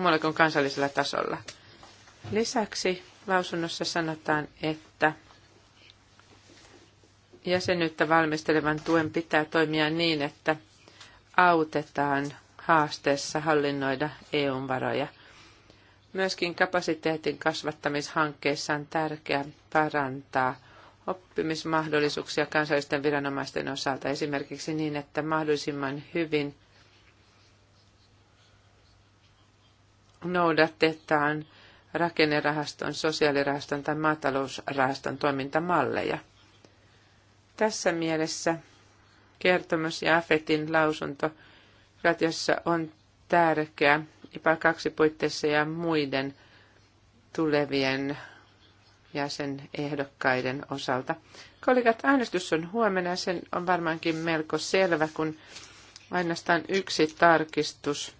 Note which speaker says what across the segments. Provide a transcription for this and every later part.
Speaker 1: muualla kuin kansallisella tasolla. Lisäksi lausunnossa sanotaan, että jäsenyyttä valmistelevan tuen pitää toimia niin, että autetaan haasteessa hallinnoida eu varoja. Myöskin kapasiteetin kasvattamishankkeissa on tärkeää parantaa oppimismahdollisuuksia kansallisten viranomaisten osalta, esimerkiksi niin, että mahdollisimman hyvin – noudatetaan rakennerahaston, sosiaalirahaston tai maatalousrahaston toimintamalleja. Tässä mielessä kertomus ja AFETin lausunto radiossa on tärkeä IPA 2 puitteissa ja muiden tulevien jäsenehdokkaiden osalta. Kollegat, äänestys on huomenna ja sen on varmaankin melko selvä, kun ainoastaan yksi tarkistus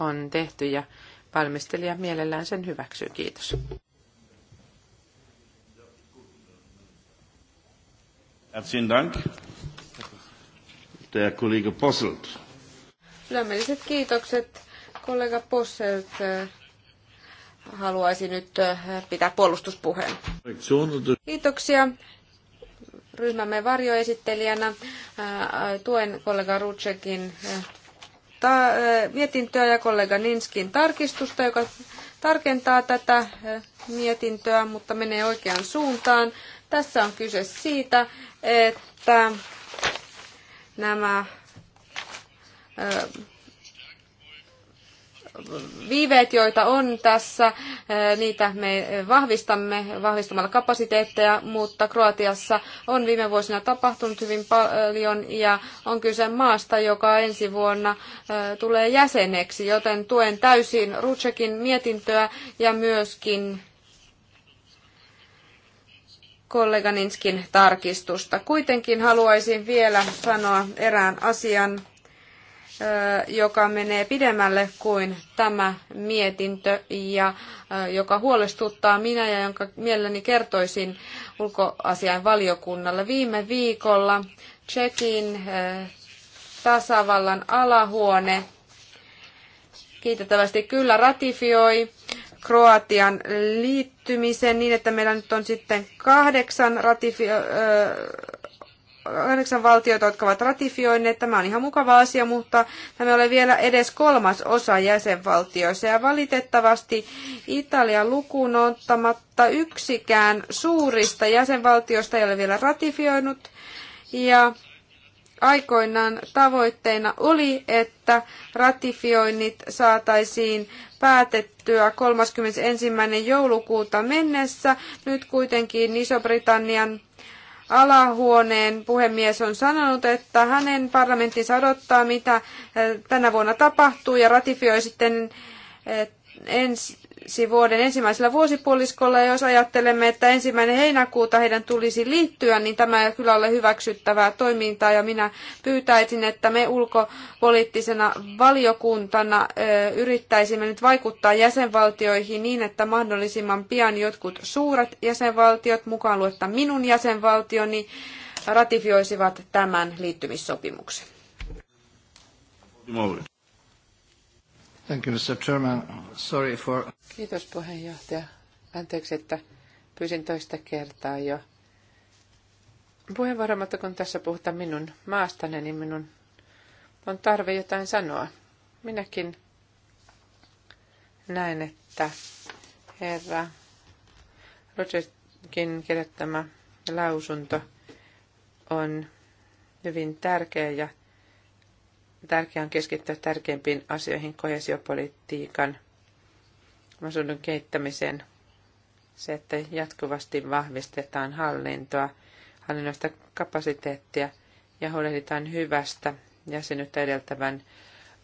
Speaker 1: on tehty ja valmistelija mielellään sen hyväksyy. Kiitos.
Speaker 2: Herzlichen Dank. Der Kollege Posselt. Lämmelliset kiitokset. Kollega Posselt haluaisi nyt äh, pitää puolustuspuheen. Kiitoksia ryhmämme varjoesittelijänä. Äh, tuen kollega Rutsekin äh, ehdottaa mietintöä ja kollega Ninskin tarkistusta, joka tarkentaa tätä mietintöä, mutta menee oikeaan suuntaan. Tässä on kyse siitä, että nämä viiveet, joita on tässä, äh, niitä me vahvistamme vahvistamalla kapasiteetteja, mutta Kroatiassa on viime vuosina tapahtunut hyvin paljon ja on kyse maasta, joka ensi vuonna äh, tulee jäseneksi, joten tuen täysin Rutsekin mietintöä ja myöskin kollega tarkistusta. Kuitenkin haluaisin vielä sanoa erään asian joka menee pidemmälle kuin tämä mietintö ja joka huolestuttaa minä ja jonka mielelläni kertoisin ulkoasian valiokunnalle. Viime viikolla Tsekin tasavallan alahuone kiitettävästi kyllä ratifioi Kroatian liittymisen niin, että meillä nyt on sitten kahdeksan ratifio- yhdeksän valtiota, jotka ovat ratifioineet. Tämä on ihan mukava asia, mutta tämä ei ole vielä edes kolmas osa jäsenvaltioissa. Ja valitettavasti Italian lukuun ottamatta yksikään suurista jäsenvaltioista ei ole vielä ratifioinut. Ja aikoinaan tavoitteena oli, että ratifioinnit saataisiin päätettyä 31. joulukuuta mennessä. Nyt kuitenkin Iso-Britannian alahuoneen puhemies on sanonut, että hänen parlamenttinsa odottaa, mitä eh, tänä vuonna tapahtuu ja ratifioi sitten eh, ensi ensi vuoden ensimmäisellä vuosipuoliskolla. Ja jos ajattelemme, että ensimmäinen heinäkuuta heidän tulisi liittyä, niin tämä ei kyllä ole hyväksyttävää toimintaa. Ja minä pyytäisin, että me ulkopoliittisena valiokuntana yrittäisimme nyt vaikuttaa jäsenvaltioihin niin, että mahdollisimman pian jotkut suuret jäsenvaltiot, mukaan luetta minun jäsenvaltioni, ratifioisivat tämän liittymissopimuksen.
Speaker 1: Thank you, Mr. Chairman. Sorry for... Kiitos puheenjohtaja. Anteeksi, että pyysin toista kertaa jo Puheenvuoro, mutta kun tässä puhutaan minun maastani, niin minun on tarve jotain sanoa. Minäkin näen, että herra Rogerkin kirjoittama lausunto on hyvin tärkeä ja Tärkeää on keskittyä tärkeimpiin asioihin, kohesiopolitiikan, asunnon kehittämiseen, se, että jatkuvasti vahvistetaan hallintoa, hallinnoista kapasiteettia ja huolehditaan hyvästä jäsenyyttä edeltävän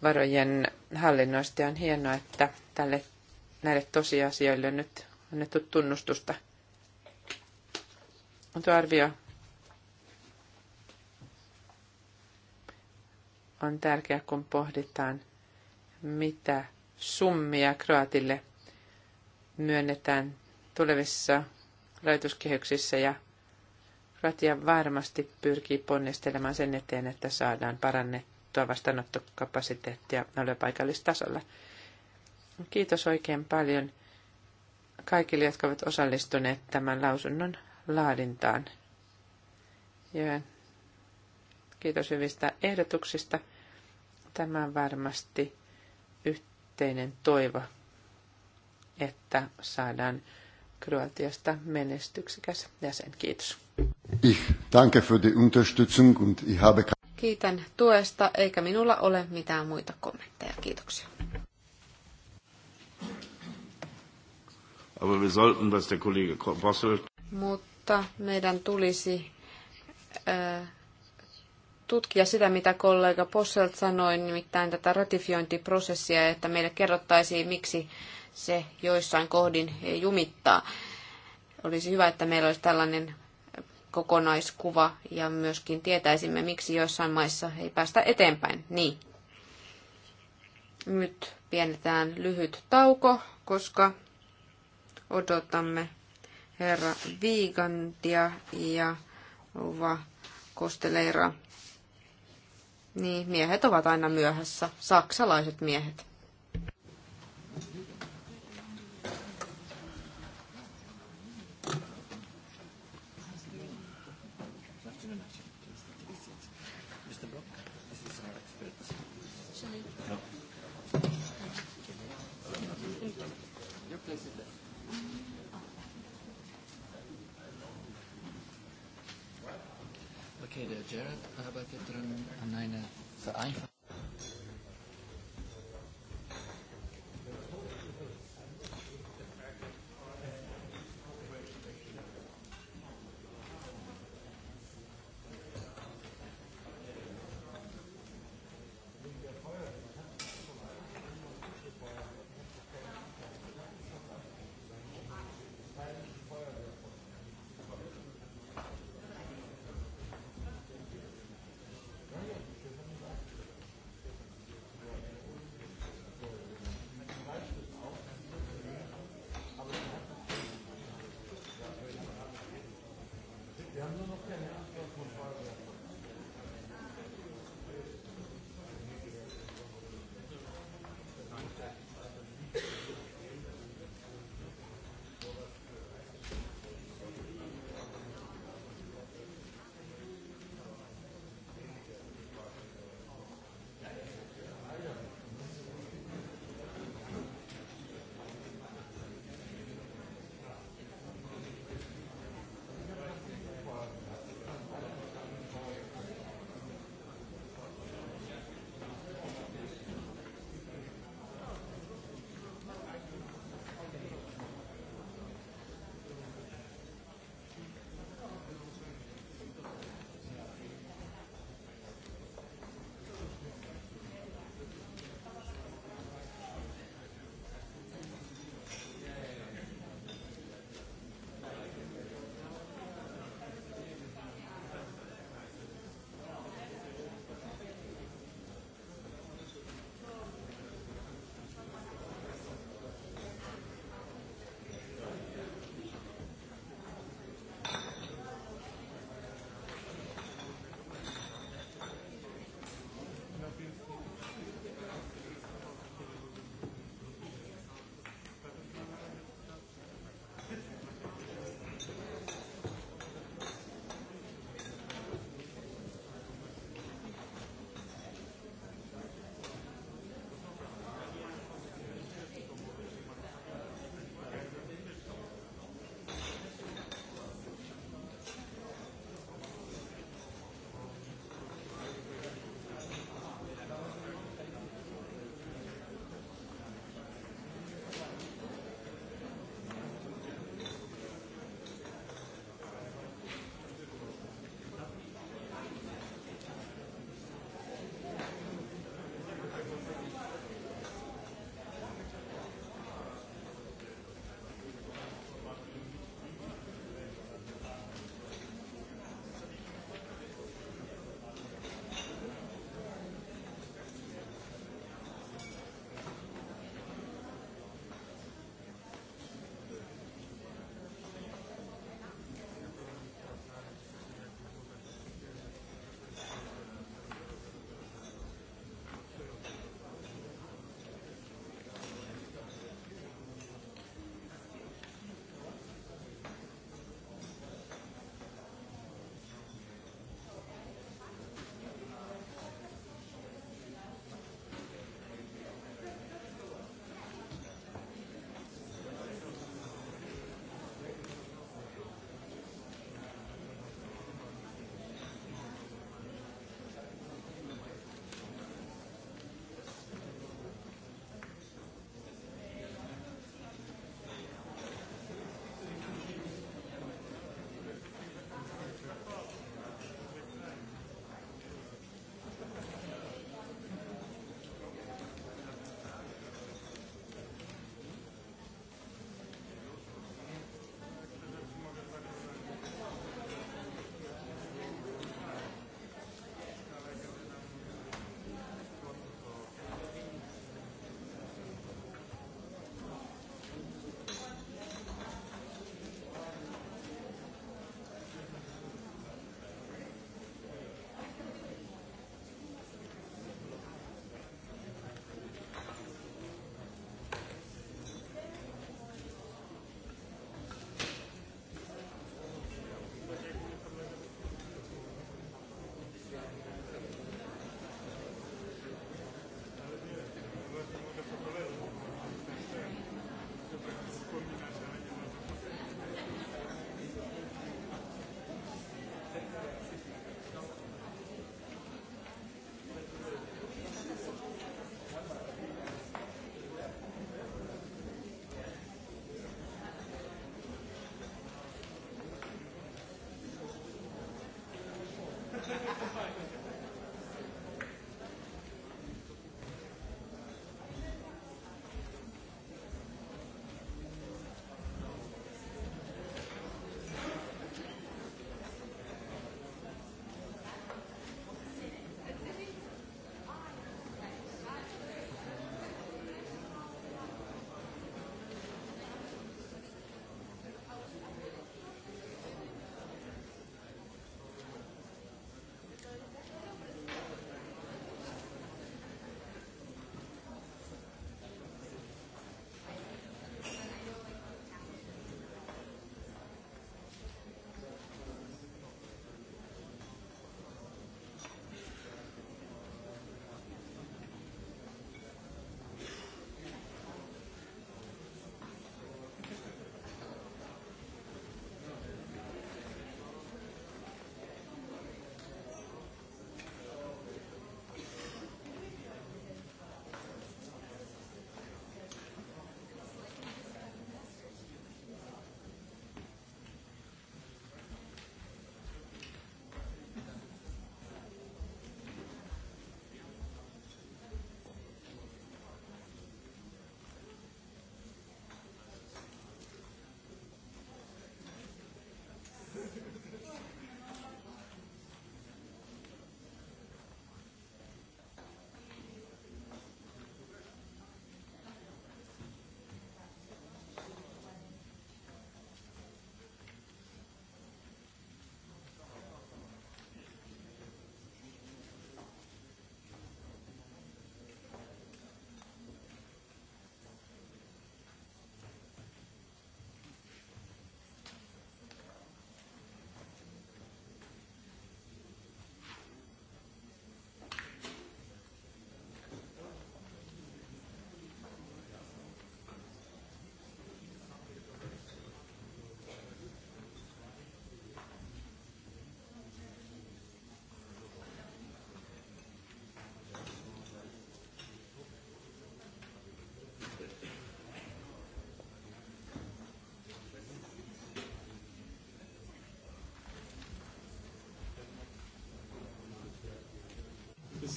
Speaker 1: varojen hallinnoista. Ja on hienoa, että tälle, näille tosiasioille on nyt annettu tunnustusta. Tuo arvio on tärkeä, kun pohditaan, mitä summia Kroatille myönnetään tulevissa rajoituskehyksissä ja Kroatia varmasti pyrkii ponnistelemaan sen eteen, että saadaan parannettua vastaanottokapasiteettia paikallistasolla. Kiitos oikein paljon kaikille, jotka ovat osallistuneet tämän lausunnon laadintaan. Ja Kiitos hyvistä ehdotuksista. Tämä on varmasti yhteinen toivo, että saadaan Kroatiasta
Speaker 2: menestyksikäs jäsen. Kiitos.
Speaker 3: Ich danke für die Unterstützung und ich habe
Speaker 2: Kiitän tuesta, eikä minulla ole mitään muita kommentteja. Kiitoksia.
Speaker 3: Aber wir sollten, was der Kollege Bossel...
Speaker 2: Mutta meidän tulisi äh, tutkia sitä, mitä kollega Posselt sanoi, nimittäin tätä ratifiointiprosessia, että meille kerrottaisiin, miksi se joissain kohdin jumittaa. Olisi hyvä, että meillä olisi tällainen kokonaiskuva ja myöskin tietäisimme, miksi joissain maissa ei päästä eteenpäin. Niin. Nyt pienetään lyhyt tauko, koska odotamme herra Viigantia ja uva Kosteleira niin, miehet ovat aina myöhässä, saksalaiset miehet.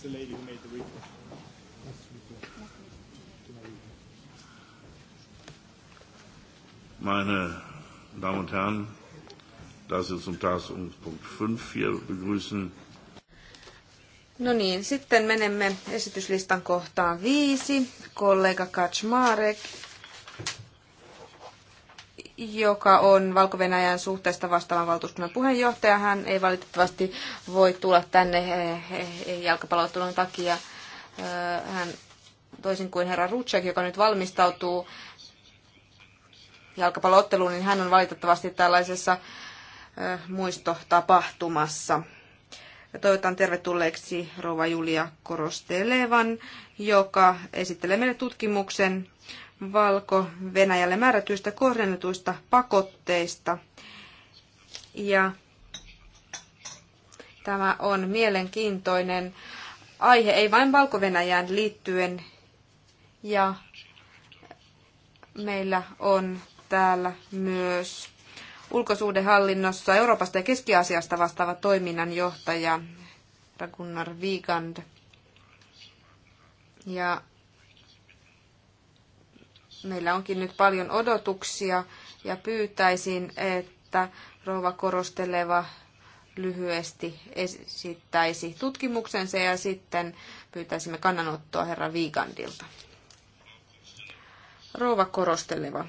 Speaker 1: the lady who made the report.
Speaker 2: Meine Damen und Herren, da Sie zum Tagesordnungspunkt 5 hier begrüßen. No niin, sitten menemme esityslistan kohtaan viisi. Kollega Kaczmarek joka on valko suhteesta vastaavan valtuuskunnan puheenjohtaja. Hän ei valitettavasti voi tulla tänne jalkapalloottelun takia. Hän, toisin kuin herra Rutschek joka nyt valmistautuu jalkapallootteluun, niin hän on valitettavasti tällaisessa muistotapahtumassa. Ja toivotan tervetulleeksi rouva Julia Korostelevan, joka esittelee meille tutkimuksen Valko-Venäjälle määrätyistä kohdennetuista pakotteista. Ja tämä on mielenkiintoinen aihe, ei vain valko liittyen. Ja meillä on täällä myös ulkosuhdehallinnossa Euroopasta ja Keski-Aasiasta vastaava toiminnanjohtaja Ragnar Vigand. Ja meillä onkin nyt paljon odotuksia ja pyytäisin, että rouva korosteleva lyhyesti esittäisi tutkimuksensa ja sitten pyytäisimme kannanottoa herra Viigandilta. Rouva korosteleva.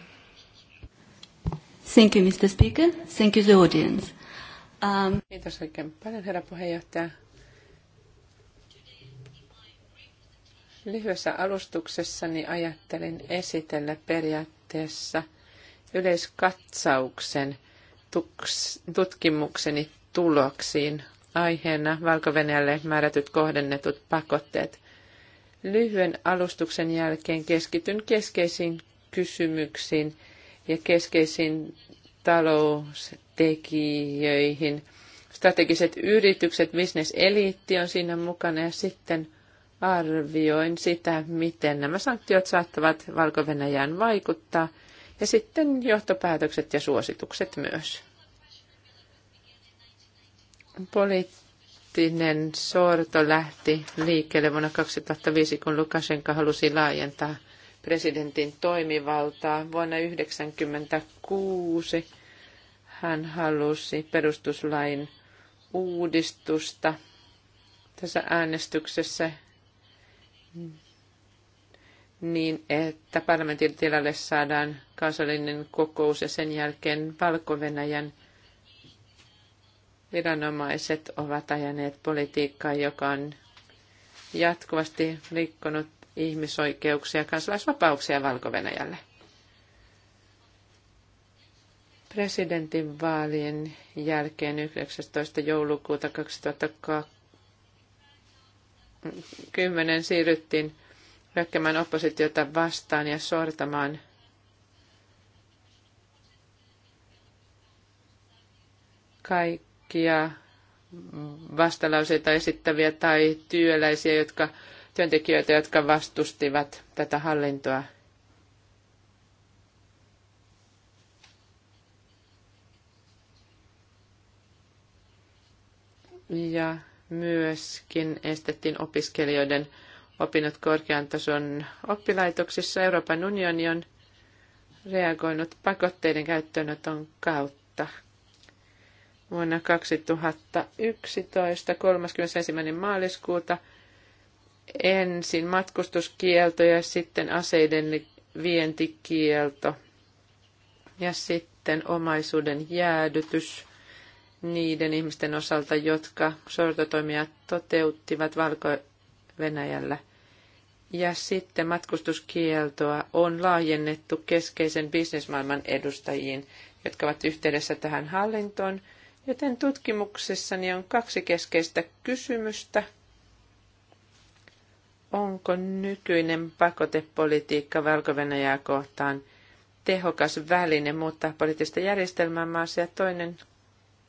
Speaker 2: Thank you, Mr. Speaker. Thank you, the audience.
Speaker 1: Um... Kiitos oikein paljon, herra puheenjohtaja. Lyhyessä alustuksessani ajattelin esitellä periaatteessa yleiskatsauksen tutkimukseni tuloksiin aiheena valko määrätyt kohdennetut pakotteet. Lyhyen alustuksen jälkeen keskityn keskeisiin kysymyksiin ja keskeisiin taloustekijöihin. Strategiset yritykset, bisneseliitti on siinä mukana ja sitten arvioin sitä, miten nämä sanktiot saattavat valko vaikuttaa, ja sitten johtopäätökset ja suositukset myös. Poliittinen sorto lähti liikkeelle vuonna 2005, kun Lukashenka halusi laajentaa presidentin toimivaltaa. Vuonna 1996 hän halusi perustuslain uudistusta. Tässä äänestyksessä niin, että parlamentin tilalle saadaan kansallinen kokous ja sen jälkeen valko viranomaiset ovat ajaneet politiikkaa, joka on jatkuvasti rikkonut ihmisoikeuksia ja kansalaisvapauksia valko -Venäjälle. vaalien jälkeen 19. joulukuuta 2002 Kymmenen siirryttiin hyökkäämään oppositiota vastaan ja sortamaan kaikkia vastalauseita esittäviä tai työläisiä, jotka, työntekijöitä, jotka vastustivat tätä hallintoa. Ja myöskin estettiin opiskelijoiden opinnot korkean tason oppilaitoksissa. Euroopan unioni on reagoinut pakotteiden käyttöönoton kautta. Vuonna 2011, 31. maaliskuuta, ensin matkustuskielto ja sitten aseiden vientikielto ja sitten omaisuuden jäädytys niiden ihmisten osalta, jotka sortotoimia toteuttivat Valko-Venäjällä. Ja sitten matkustuskieltoa on laajennettu keskeisen bisnesmaailman edustajiin, jotka ovat yhteydessä tähän hallintoon, joten tutkimuksessani on kaksi keskeistä kysymystä. Onko nykyinen pakotepolitiikka valko kohtaan tehokas väline muuttaa poliittista järjestelmää maassa ja toinen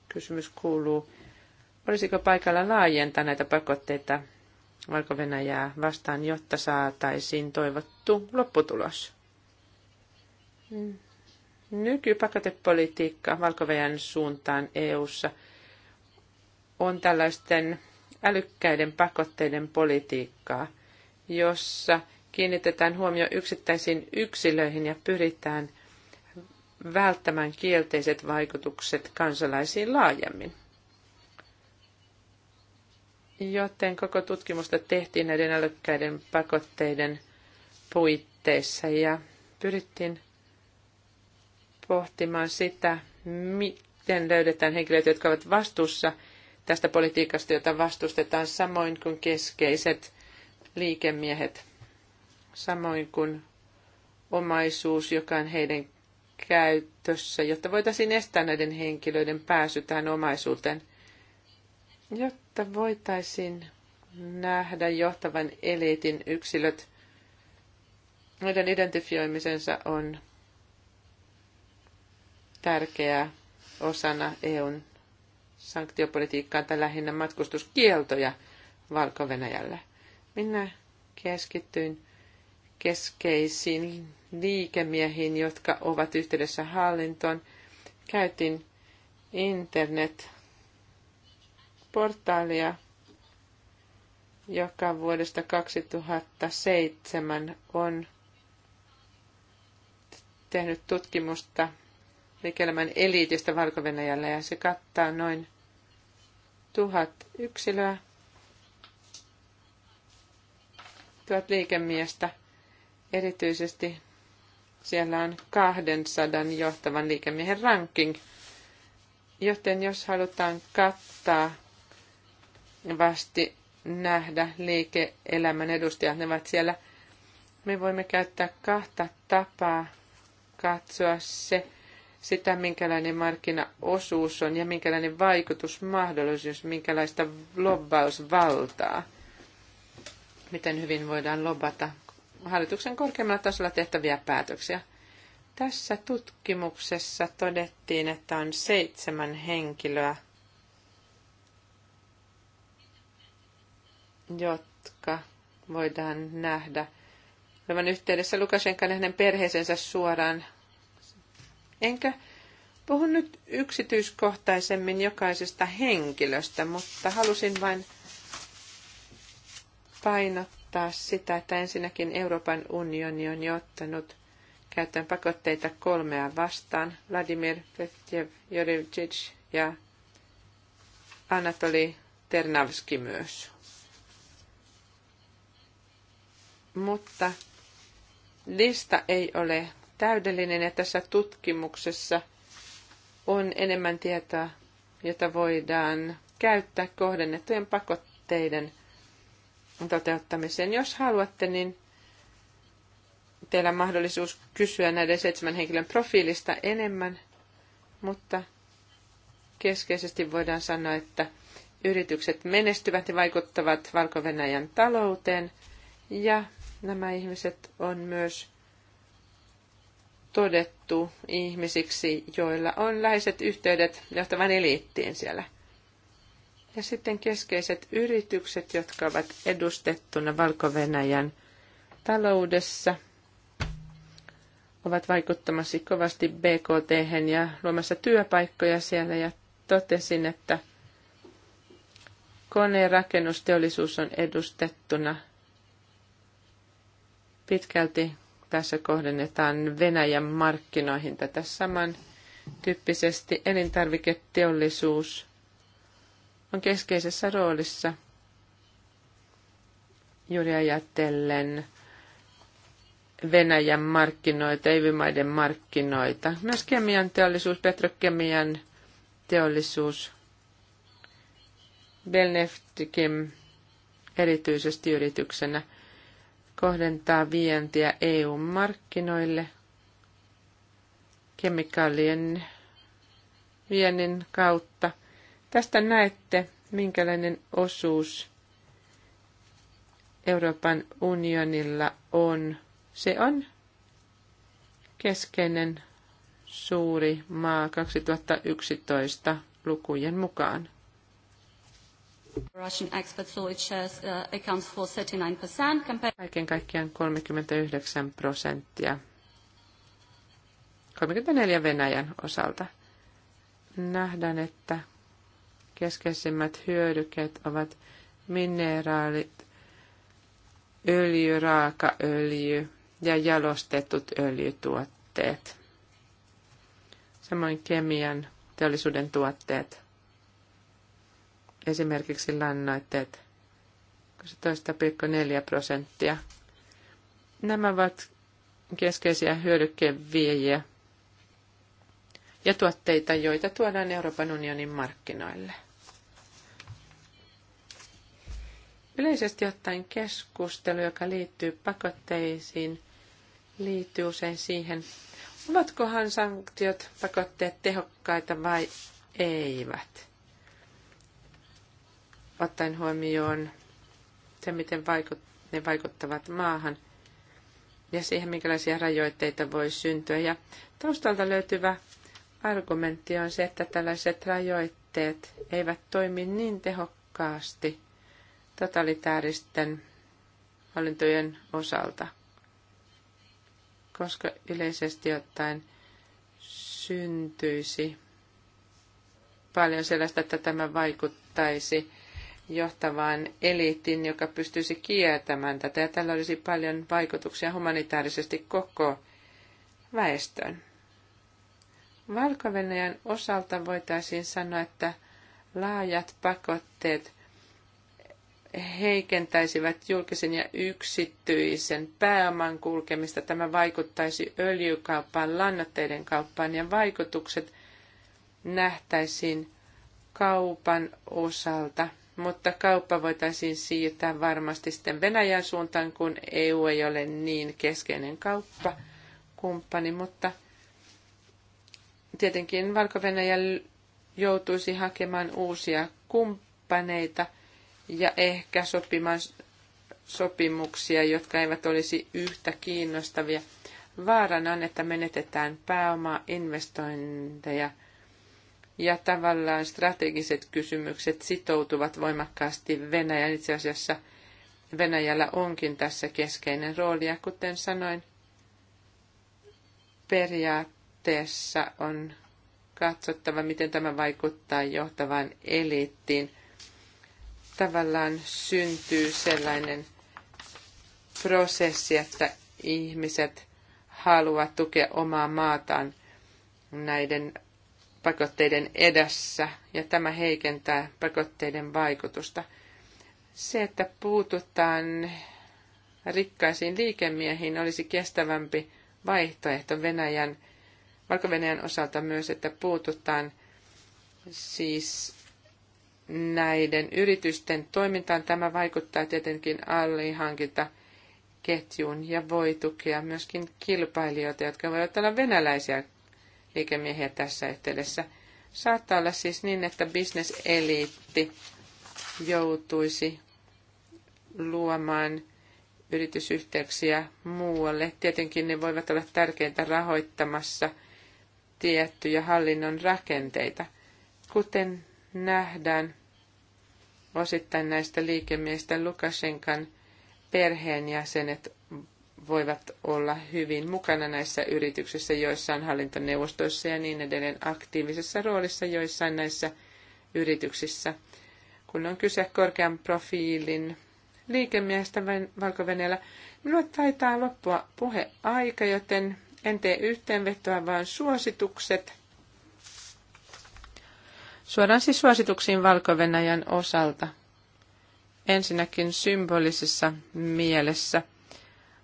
Speaker 1: Kysymys kuuluu, olisiko paikalla laajentaa näitä pakotteita valko vastaan, jotta saataisiin toivottu lopputulos? Mm. Nykypakotepolitiikka valko suuntaan EU:ssa on tällaisten älykkäiden pakotteiden politiikkaa, jossa kiinnitetään huomio yksittäisiin yksilöihin ja pyritään välttämään kielteiset vaikutukset kansalaisiin laajemmin. Joten koko tutkimusta tehtiin näiden älykkäiden pakotteiden puitteissa ja pyrittiin pohtimaan sitä, miten löydetään henkilöt, jotka ovat vastuussa tästä politiikasta, jota vastustetaan, samoin kuin keskeiset liikemiehet, samoin kuin omaisuus, joka on heidän käytössä, jotta voitaisiin estää näiden henkilöiden pääsy tähän omaisuuteen, jotta voitaisiin nähdä johtavan eliitin yksilöt, joiden identifioimisensa on tärkeää osana EUn sanktiopolitiikkaa tai lähinnä matkustuskieltoja valko -Venäjällä. Minä keskityin keskeisiin liikemiehiin, jotka ovat yhteydessä hallintoon. Käytin internet-portaalia, joka vuodesta 2007 on tehnyt tutkimusta liike eliitistä valko ja se kattaa noin tuhat yksilöä, tuhat liikemiestä – Erityisesti siellä on 200 johtavan liikemiehen ranking, joten jos halutaan kattaa vasti nähdä liike-elämän edustajat, ne ovat siellä. Me voimme käyttää kahta tapaa katsoa se, sitä, minkälainen markkinaosuus on ja minkälainen vaikutusmahdollisuus, minkälaista lobbausvaltaa, miten hyvin voidaan lobata hallituksen korkeimmalla tasolla tehtäviä päätöksiä. Tässä tutkimuksessa todettiin, että on seitsemän henkilöä, jotka voidaan nähdä olevan yhteydessä Lukashenkan ja hänen perheensä suoraan. Enkä puhu nyt yksityiskohtaisemmin jokaisesta henkilöstä, mutta halusin vain painottaa, korostaa sitä, että ensinnäkin Euroopan unioni on jo ottanut käyttöön pakotteita kolmea vastaan. Vladimir Petjev, Jorevcic ja Anatoli Ternavski myös. Mutta lista ei ole täydellinen ja tässä tutkimuksessa on enemmän tietoa, jota voidaan käyttää kohdennettujen pakotteiden – toteuttamiseen. Jos haluatte, niin teillä on mahdollisuus kysyä näiden seitsemän henkilön profiilista enemmän, mutta keskeisesti voidaan sanoa, että yritykset menestyvät ja vaikuttavat valko talouteen ja nämä ihmiset on myös todettu ihmisiksi, joilla on läheiset yhteydet johtavan eliittiin siellä. Ja sitten keskeiset yritykset, jotka ovat edustettuna valko taloudessa, ovat vaikuttamassa kovasti BKT ja luomassa työpaikkoja siellä. Ja totesin, että koneen rakennusteollisuus on edustettuna pitkälti tässä kohdennetaan Venäjän markkinoihin tätä saman tyyppisesti elintarviketeollisuus on keskeisessä roolissa juuri ajatellen Venäjän markkinoita, EU-maiden markkinoita. Myös kemian teollisuus, petrokemian teollisuus, Belneftikin erityisesti yrityksenä kohdentaa vientiä EU-markkinoille kemikaalien viennin kautta – Tästä näette, minkälainen osuus Euroopan unionilla on. Se on keskeinen suuri maa 2011 lukujen mukaan. Russian export solid uh, accounts for 39%. Compared... Kaiken kaikkiaan 39 prosenttia. 34 Venäjän osalta. Nähdään, että Keskeisimmät hyödyket ovat mineraalit, öljy, raakaöljy ja jalostetut öljytuotteet. Samoin kemian teollisuuden tuotteet, esimerkiksi lannoitteet, 12,4 prosenttia. Nämä ovat keskeisiä hyödykkeen viejiä ja tuotteita, joita tuodaan Euroopan unionin markkinoille. Yleisesti ottaen keskustelu, joka liittyy pakotteisiin, liittyy usein siihen, ovatkohan sanktiot, pakotteet tehokkaita vai eivät. Ottaen huomioon se, miten vaikut, ne vaikuttavat maahan ja siihen, minkälaisia rajoitteita voi syntyä. Ja taustalta löytyvä argumentti on se, että tällaiset rajoitteet eivät toimi niin tehokkaasti – totalitaaristen hallintojen osalta, koska yleisesti ottaen syntyisi paljon sellaista, että tämä vaikuttaisi johtavaan eliittiin, joka pystyisi kiertämään tätä, ja tällä olisi paljon vaikutuksia humanitaarisesti koko väestön valko osalta voitaisiin sanoa, että laajat pakotteet – heikentäisivät julkisen ja yksityisen pääoman kulkemista. Tämä vaikuttaisi öljykauppaan, lannoitteiden kauppaan ja vaikutukset nähtäisiin kaupan osalta. Mutta kauppa voitaisiin siirtää varmasti sitten Venäjän suuntaan, kun EU ei ole niin keskeinen kauppakumppani, mutta tietenkin valko joutuisi hakemaan uusia kumppaneita – ja ehkä sopimuksia, jotka eivät olisi yhtä kiinnostavia. Vaarana on, että menetetään pääomaa, investointeja ja tavallaan strategiset kysymykset sitoutuvat voimakkaasti Venäjän. Itse asiassa Venäjällä onkin tässä keskeinen rooli ja kuten sanoin, periaatteessa on katsottava, miten tämä vaikuttaa johtavaan eliittiin – tavallaan syntyy sellainen prosessi, että ihmiset haluavat tukea omaa maataan näiden pakotteiden edessä, ja tämä heikentää pakotteiden vaikutusta. Se, että puututaan rikkaisiin liikemiehiin, olisi kestävämpi vaihtoehto Venäjän, valko -Venäjän osalta myös, että puututaan siis näiden yritysten toimintaan. Tämä vaikuttaa tietenkin allihankinta ketjuun ja voi tukea myöskin kilpailijoita, jotka voivat olla venäläisiä liikemiehiä tässä yhteydessä. Saattaa olla siis niin, että bisneseliitti joutuisi luomaan yritysyhteyksiä muualle. Tietenkin ne voivat olla tärkeintä rahoittamassa tiettyjä hallinnon rakenteita, kuten nähdään osittain näistä liikemiestä Lukashenkan perheenjäsenet voivat olla hyvin mukana näissä yrityksissä, joissain hallintoneuvostoissa ja niin edelleen aktiivisessa roolissa joissain näissä yrityksissä. Kun on kyse korkean profiilin liikemiestä valko -Venäjällä. Minulla taitaa loppua puheaika, joten en tee yhteenvetoa, vaan suositukset – Suoraan siis suosituksiin valko osalta. Ensinnäkin symbolisessa mielessä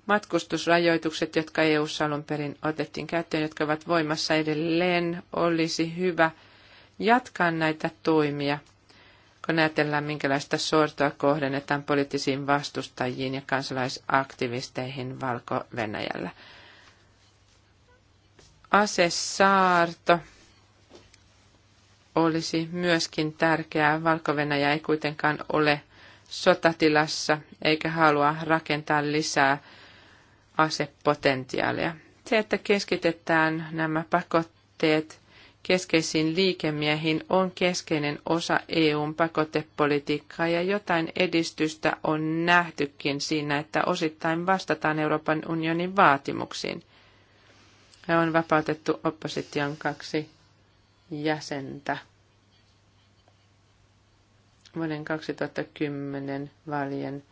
Speaker 1: matkustusrajoitukset, jotka EU-ssa alun perin otettiin käyttöön, jotka ovat voimassa edelleen, olisi hyvä jatkaa näitä toimia, kun ajatellaan, minkälaista sortoa kohdennetaan poliittisiin vastustajiin ja kansalaisaktivisteihin Valko-Venäjällä. Asesaarto olisi myöskin tärkeää. valko ei kuitenkaan ole sotatilassa eikä halua rakentaa lisää asepotentiaalia. Se, että keskitetään nämä pakotteet keskeisiin liikemiehiin, on keskeinen osa EUn pakotepolitiikkaa ja jotain edistystä on nähtykin siinä, että osittain vastataan Euroopan unionin vaatimuksiin. Ja on vapautettu opposition kaksi jäsentä vuoden 2010 valien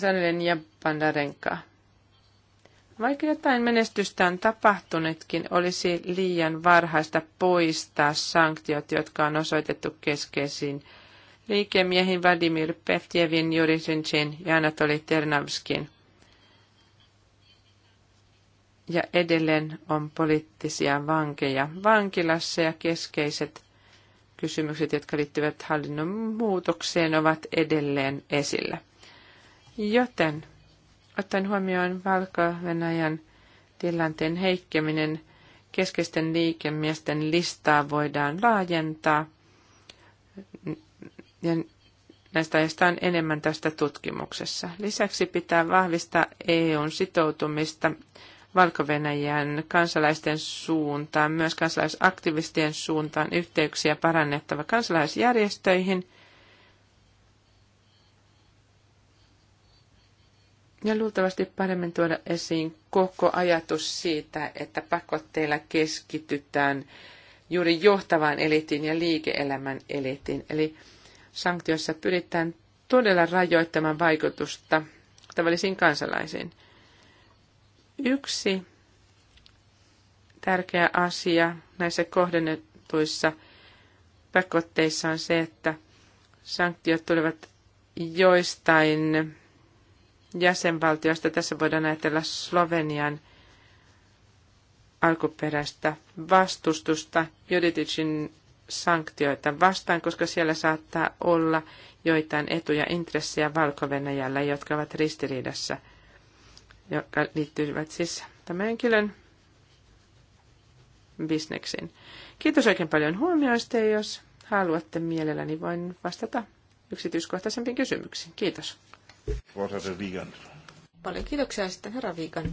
Speaker 1: Sanelen ja Pandarenka. Vaikka jotain menestystä on tapahtunutkin, olisi liian varhaista poistaa sanktiot, jotka on osoitettu keskeisiin liikemiehin Vladimir Peftjevin, Juri Sinchen ja Anatoli Ternavskin – ja edelleen on poliittisia vankeja vankilassa ja keskeiset kysymykset, jotka liittyvät hallinnon muutokseen, ovat edelleen esillä. Joten ottaen huomioon Valko-Venäjän tilanteen heikkeminen, keskeisten liikemiesten listaa voidaan laajentaa. Ja näistä aiheista on enemmän tästä tutkimuksessa. Lisäksi pitää vahvistaa EUn sitoutumista valko kansalaisten suuntaan, myös kansalaisaktivistien suuntaan yhteyksiä parannettava kansalaisjärjestöihin. Ja luultavasti paremmin tuoda esiin koko ajatus siitä, että pakotteilla keskitytään juuri johtavaan elitiin ja liike-elämän elitiin. Eli sanktioissa pyritään todella rajoittamaan vaikutusta tavallisiin kansalaisiin – Yksi tärkeä asia näissä kohdennetuissa pakotteissa on se, että sanktiot tulevat joistain jäsenvaltioista. Tässä voidaan ajatella Slovenian alkuperäistä vastustusta Joditicin sanktioita vastaan, koska siellä saattaa olla joitain etuja intressejä valko jotka ovat ristiriidassa – jotka liittyvät siis tämän henkilön bisneksiin. Kiitos oikein paljon huomioista ja jos haluatte mielelläni, niin voin vastata yksityiskohtaisempiin kysymyksiin.
Speaker 2: Kiitos. Paljon kiitoksia sitten herra Viikan.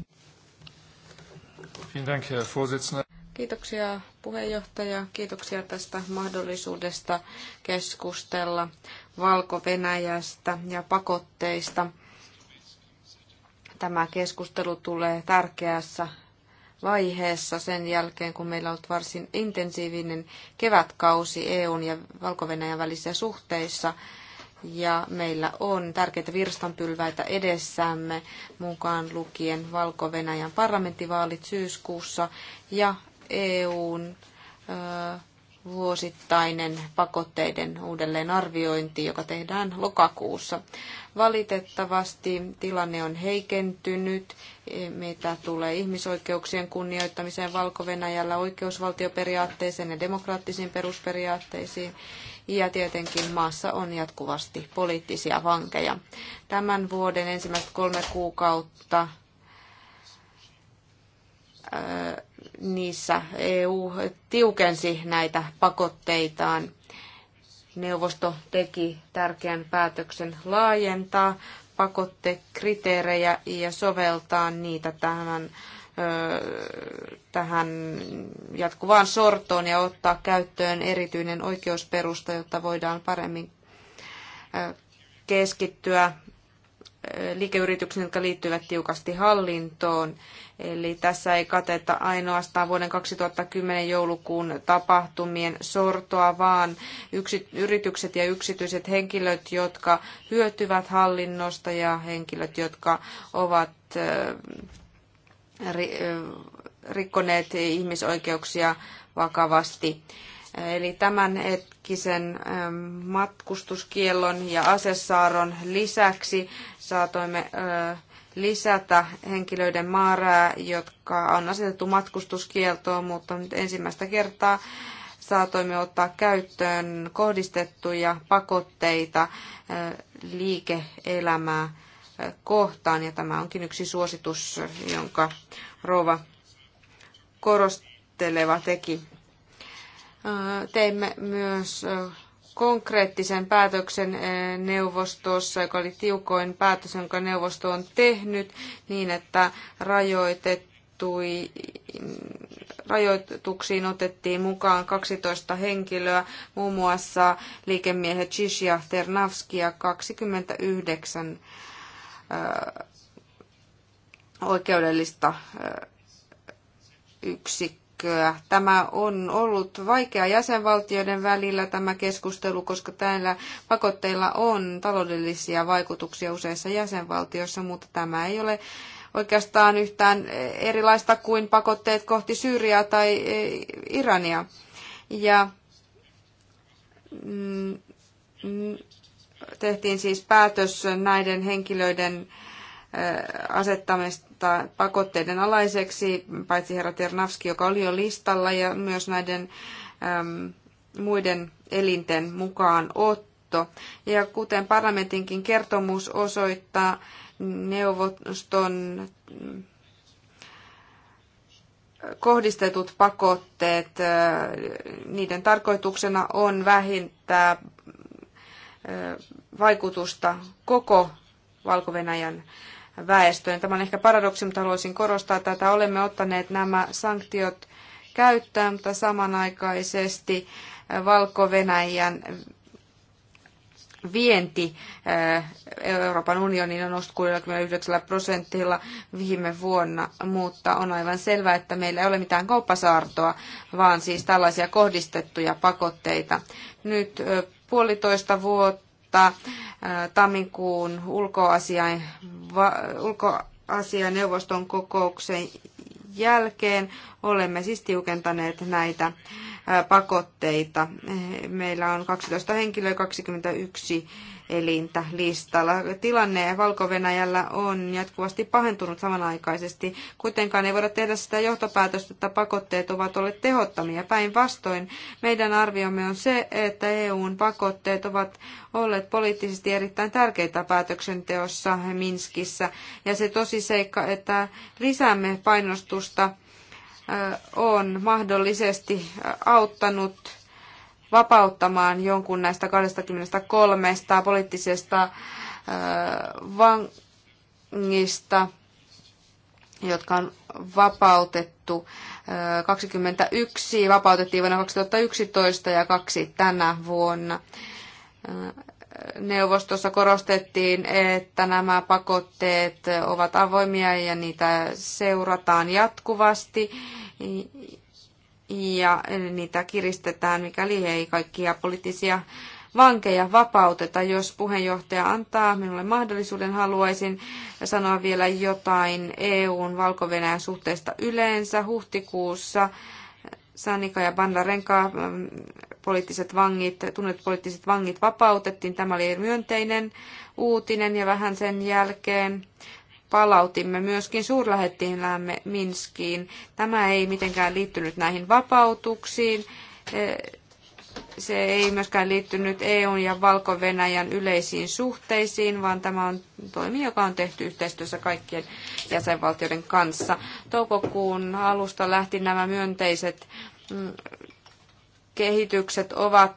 Speaker 2: Kiitoksia puheenjohtaja, kiitoksia tästä mahdollisuudesta keskustella Valko-Venäjästä ja pakotteista. Tämä keskustelu tulee tärkeässä vaiheessa sen jälkeen, kun meillä on ollut varsin intensiivinen kevätkausi EUn ja valko välisissä suhteissa. Ja meillä on tärkeitä virstanpylväitä edessämme, mukaan lukien valko parlamenttivaalit syyskuussa ja EUn ö, vuosittainen pakotteiden uudelleenarviointi, joka tehdään lokakuussa. Valitettavasti tilanne on heikentynyt, e, mitä tulee ihmisoikeuksien kunnioittamiseen Valko-Venäjällä, oikeusvaltioperiaatteeseen ja demokraattisiin perusperiaatteisiin. Ja tietenkin maassa on jatkuvasti poliittisia vankeja. Tämän vuoden ensimmäiset kolme kuukautta niissä EU tiukensi näitä pakotteitaan neuvosto teki tärkeän päätöksen laajentaa pakottekriteerejä ja soveltaa niitä tähän, tähän jatkuvaan sortoon ja ottaa käyttöön erityinen oikeusperusta, jotta voidaan paremmin keskittyä liikeyrityksiin, jotka liittyvät tiukasti hallintoon. Eli tässä ei kateta ainoastaan vuoden 2010 joulukuun tapahtumien sortoa, vaan yritykset ja yksityiset henkilöt, jotka hyötyvät hallinnosta ja henkilöt, jotka ovat rikkoneet ihmisoikeuksia vakavasti. Eli tämän hetkisen matkustuskiellon ja asessaaron lisäksi saatoimme lisätä henkilöiden määrää, jotka on asetettu matkustuskieltoon, mutta nyt ensimmäistä kertaa saatoimme ottaa käyttöön kohdistettuja pakotteita eh, liike-elämää eh, kohtaan. Ja tämä onkin yksi suositus, jonka Rova korosteleva teki. Eh, Teimme myös konkreettisen päätöksen eh, neuvostossa, joka oli tiukoin päätös, jonka neuvosto on tehnyt, niin että rajoitettui, rajoituksiin otettiin mukaan 12 henkilöä, muun muassa liikemiehet Chishia Ternavski ja 29 eh, oikeudellista eh, yksikköä yksikköä. Tämä on ollut vaikea jäsenvaltioiden välillä tämä keskustelu, koska täällä pakotteilla on taloudellisia vaikutuksia useissa jäsenvaltioissa, mutta tämä ei ole oikeastaan yhtään erilaista kuin pakotteet kohti Syyriaa tai e, Irania. Ja mm, mm, tehtiin siis päätös näiden henkilöiden asettamista pakotteiden alaiseksi, paitsi herra Ternavski, joka oli jo listalla, ja myös näiden äm, muiden elinten mukaan otto. Ja kuten parlamentinkin kertomus osoittaa, neuvoston kohdistetut pakotteet, niiden tarkoituksena on vähentää vaikutusta koko valko väestöön. Tämä on ehkä paradoksi, mutta haluaisin korostaa tätä. Olemme ottaneet nämä sanktiot käyttöön, mutta samanaikaisesti äh, Valko-Venäjän vienti äh, Euroopan unioniin on noussut 69 prosentilla viime vuonna, mutta on aivan selvää, että meillä ei ole mitään kauppasaartoa, vaan siis tällaisia kohdistettuja pakotteita. Nyt äh, puolitoista vuotta tammikuun ulkoasiain, va, ulkoasianeuvoston kokouksen jälkeen. Olemme siis tiukentaneet näitä pakotteita. Meillä on 12 henkilöä 21 elintä listalla. Tilanne valko on jatkuvasti pahentunut samanaikaisesti. Kuitenkaan ei voida tehdä sitä johtopäätöstä, että pakotteet ovat olleet tehottomia. Päinvastoin meidän arviomme on se, että EUn pakotteet ovat olleet poliittisesti erittäin tärkeitä päätöksenteossa Minskissä. Ja se tosiseikka, että lisäämme painostusta on mahdollisesti auttanut vapauttamaan jonkun näistä 23 poliittisesta vangista, jotka on vapautettu. 21 vapautettiin vuonna 2011 ja kaksi tänä vuonna. Neuvostossa korostettiin, että nämä pakotteet ovat avoimia ja niitä seurataan jatkuvasti ja niitä kiristetään, mikäli ei kaikkia poliittisia vankeja vapauteta. Jos puheenjohtaja antaa minulle mahdollisuuden, haluaisin sanoa vielä jotain EUn valko suhteesta yleensä. Huhtikuussa Sanika ja Banda Renka, mm, poliittiset vangit, tunnet poliittiset vangit vapautettiin. Tämä oli myönteinen uutinen ja vähän sen jälkeen palautimme myöskin suurlähettiläämme Minskiin. Tämä ei mitenkään liittynyt näihin vapautuksiin. E, se ei myöskään liittynyt EUn ja Valko-Venäjän yleisiin suhteisiin, vaan tämä on toimi, joka on tehty yhteistyössä kaikkien jäsenvaltioiden kanssa. Toukokuun alusta lähti nämä myönteiset mm, kehitykset ovat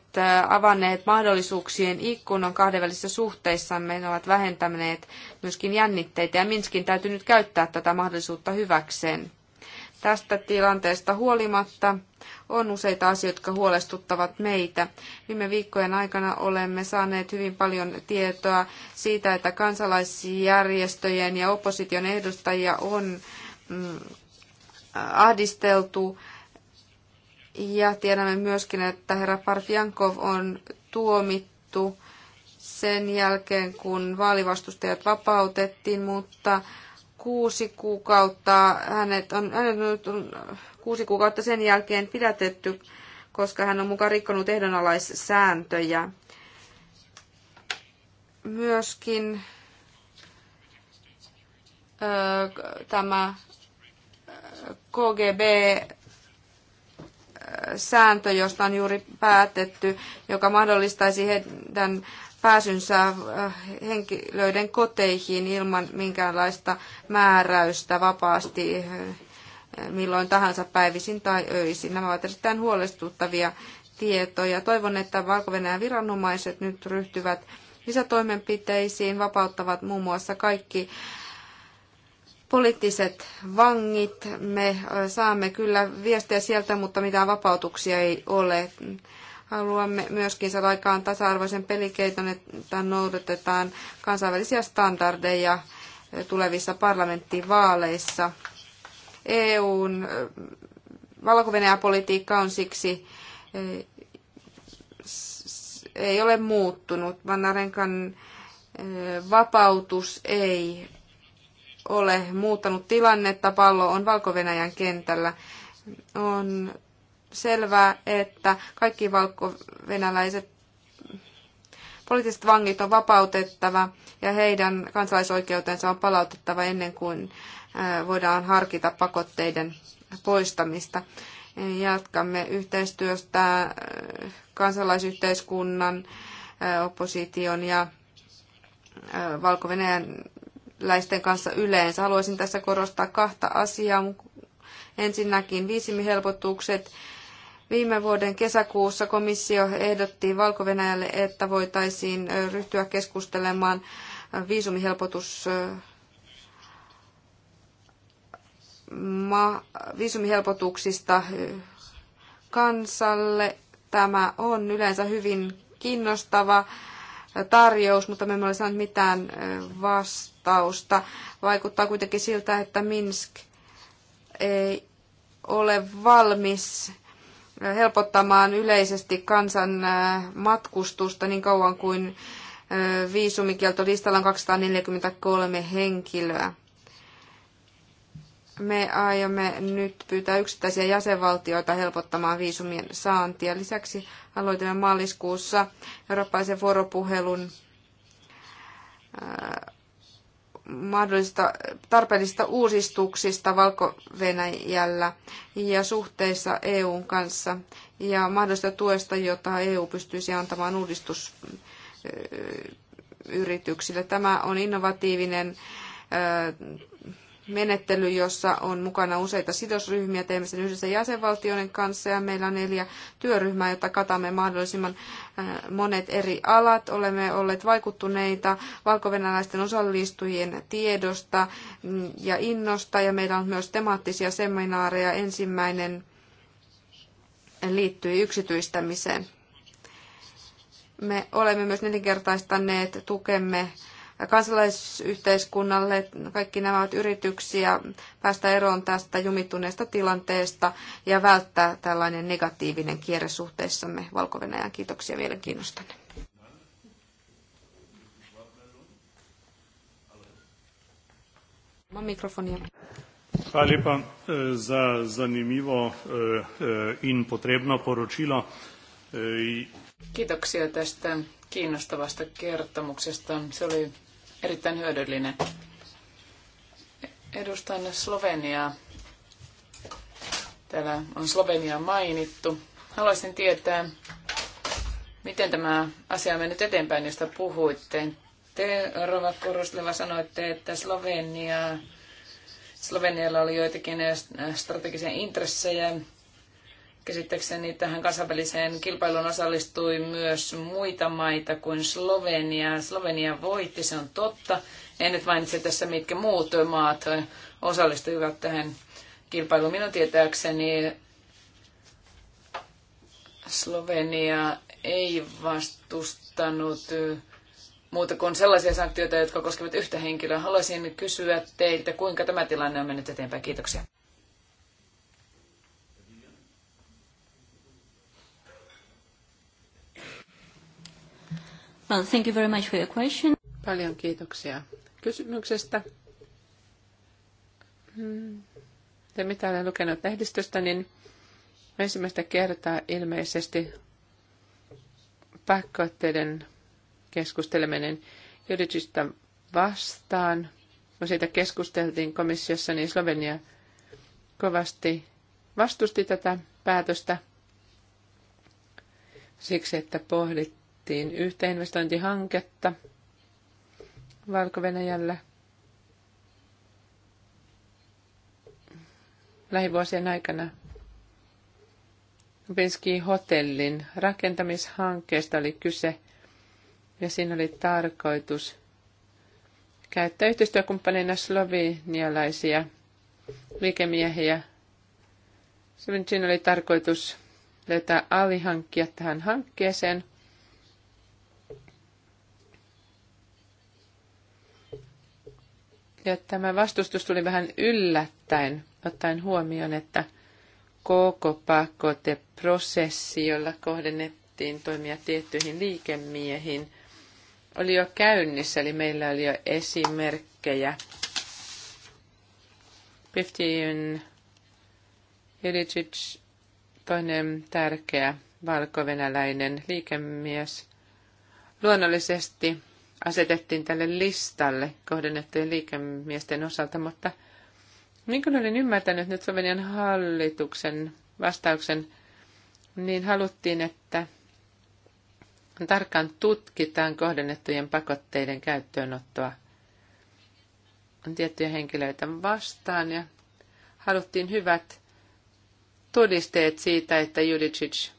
Speaker 2: avanneet mahdollisuuksien ikkunan kahdenvälisissä suhteissamme. Ne ovat vähentäneet myöskin jännitteitä ja Minskin täytyy nyt käyttää tätä mahdollisuutta hyväkseen. Tästä tilanteesta huolimatta on useita asioita, jotka huolestuttavat meitä. Viime viikkojen aikana olemme saaneet hyvin paljon tietoa siitä, että kansalaisjärjestöjen ja opposition edustajia on mm, ahdisteltu ja tiedämme myöskin, että herra Parfiankov on tuomittu sen jälkeen, kun vaalivastustajat vapautettiin, mutta kuusi kuukautta, hänet on, hänet on kuusi kuukautta sen jälkeen pidätetty, koska hän on mukaan rikkonut ehdonalaissääntöjä. Myöskin ö, tämä KGB sääntö, josta on juuri päätetty, joka mahdollistaisi heidän pääsynsä äh, henkilöiden koteihin ilman minkäänlaista määräystä vapaasti äh, milloin tahansa päivisin tai öisin. Nämä ovat erittäin huolestuttavia tietoja. Toivon, että valko viranomaiset nyt ryhtyvät lisätoimenpiteisiin, vapauttavat muun muassa kaikki poliittiset vangit. Me saamme kyllä viestejä sieltä, mutta mitään vapautuksia ei ole. Haluamme myöskin saada aikaan tasa-arvoisen pelikeiton, että noudatetaan kansainvälisiä standardeja tulevissa parlamenttivaaleissa. EUn valko politiikka on siksi ei ole muuttunut. Vanarenkan vapautus ei ole muuttanut tilannetta. Pallo on valko kentällä. On selvää, että kaikki valko-venäläiset poliittiset vangit on vapautettava ja heidän kansalaisoikeutensa on palautettava ennen kuin äh, voidaan harkita pakotteiden poistamista. Jatkamme yhteistyöstä äh, kansalaisyhteiskunnan, äh, opposition ja valko läisten kanssa yleensä. Haluaisin tässä korostaa kahta asiaa. Ensinnäkin viisimihelpotukset. Viime vuoden kesäkuussa komissio ehdotti valko että voitaisiin ryhtyä keskustelemaan viisumihelpotus ma, viisumihelpotuksista kansalle. Tämä on yleensä hyvin kiinnostava tarjous, mutta me emme ole saaneet mitään vasta vastausta. Vaikuttaa kuitenkin siltä, että Minsk ei ole valmis helpottamaan yleisesti kansan äh, matkustusta niin kauan kuin äh, listalla on 243 henkilöä. Me aiomme nyt pyytää yksittäisiä jäsenvaltioita helpottamaan viisumien saantia. Lisäksi aloitimme maaliskuussa eurooppaisen vuoropuhelun äh, mahdollisista tarpeellisista uusistuksista Valko-Venäjällä ja suhteissa EUn kanssa ja mahdollisesta tuesta, jota EU pystyisi antamaan uudistusyrityksille. Tämä on innovatiivinen menettely, jossa on mukana useita sidosryhmiä. Teemme sen yhdessä jäsenvaltioiden kanssa ja meillä on neljä työryhmää, jotta katamme mahdollisimman monet eri alat. Olemme olleet vaikuttuneita valkovenäläisten osallistujien tiedosta mm, ja innosta ja meillä on myös temaattisia seminaareja. Ensimmäinen liittyi yksityistämiseen. Me olemme myös nelinkertaistaneet tukemme kansalaisyhteiskunnalle. Kaikki nämä ovat yrityksiä päästä eroon tästä jumittuneesta tilanteesta ja välttää tällainen negatiivinen kierre suhteissamme valko -Venäjään. Kiitoksia mielenkiinnostanne. Mikrofonia. Hvala lepa
Speaker 3: e, za zanimivo e, e, in potrebno poročilo. Kiitoksia tästä kiinnostavasta kertomuksesta. Se oli erittäin hyödyllinen. Edustan Sloveniaa. Täällä on Slovenia mainittu. Haluaisin tietää, miten tämä asia on mennyt eteenpäin, josta puhuitte. Te, Rova Kurusleva, sanoitte, että Slovenia, Slovenialla oli joitakin strategisia intressejä Käsittääkseni tähän kansainväliseen kilpailuun osallistui myös muita maita kuin Slovenia. Slovenia voitti, se on totta. En nyt mainitse tässä, mitkä muut maat osallistuivat tähän kilpailuun. Minun tietääkseni Slovenia ei vastustanut muuta kuin sellaisia sanktioita, jotka koskevat yhtä henkilöä. Haluaisin kysyä teiltä, kuinka tämä tilanne on mennyt eteenpäin. Kiitoksia.
Speaker 2: Well, thank you very much for your question. Paljon
Speaker 1: kiitoksia kysymyksestä. Se, hmm. mitä olen lukenut lehdistöstä, niin ensimmäistä kertaa ilmeisesti pakkoitteiden keskusteleminen yritystä vastaan. Kun siitä keskusteltiin komissiossa, niin Slovenia kovasti vastusti tätä päätöstä siksi, että pohdittiin, tehtiin yhtä investointihanketta valko lähivuosien aikana. Pinski hotellin rakentamishankkeesta oli kyse ja siinä oli tarkoitus käyttää yhteistyökumppaneina slovenialaisia liikemiehiä. Siinä oli tarkoitus löytää alihankkia tähän hankkeeseen. Ja tämä vastustus tuli vähän yllättäen, ottaen huomioon, että koko pakoteprosessi, jolla kohdennettiin toimia tiettyihin liikemiehiin, oli jo käynnissä, eli meillä oli jo esimerkkejä. 15 Ilicic, toinen tärkeä valkovenäläinen liikemies, luonnollisesti asetettiin tälle listalle kohdennettujen liikemiesten osalta, mutta niin kuin olin ymmärtänyt nyt Slovenian hallituksen vastauksen, niin haluttiin, että tarkkaan tutkitaan kohdennettujen pakotteiden käyttöönottoa tiettyjä henkilöitä vastaan ja haluttiin hyvät todisteet siitä, että Judicic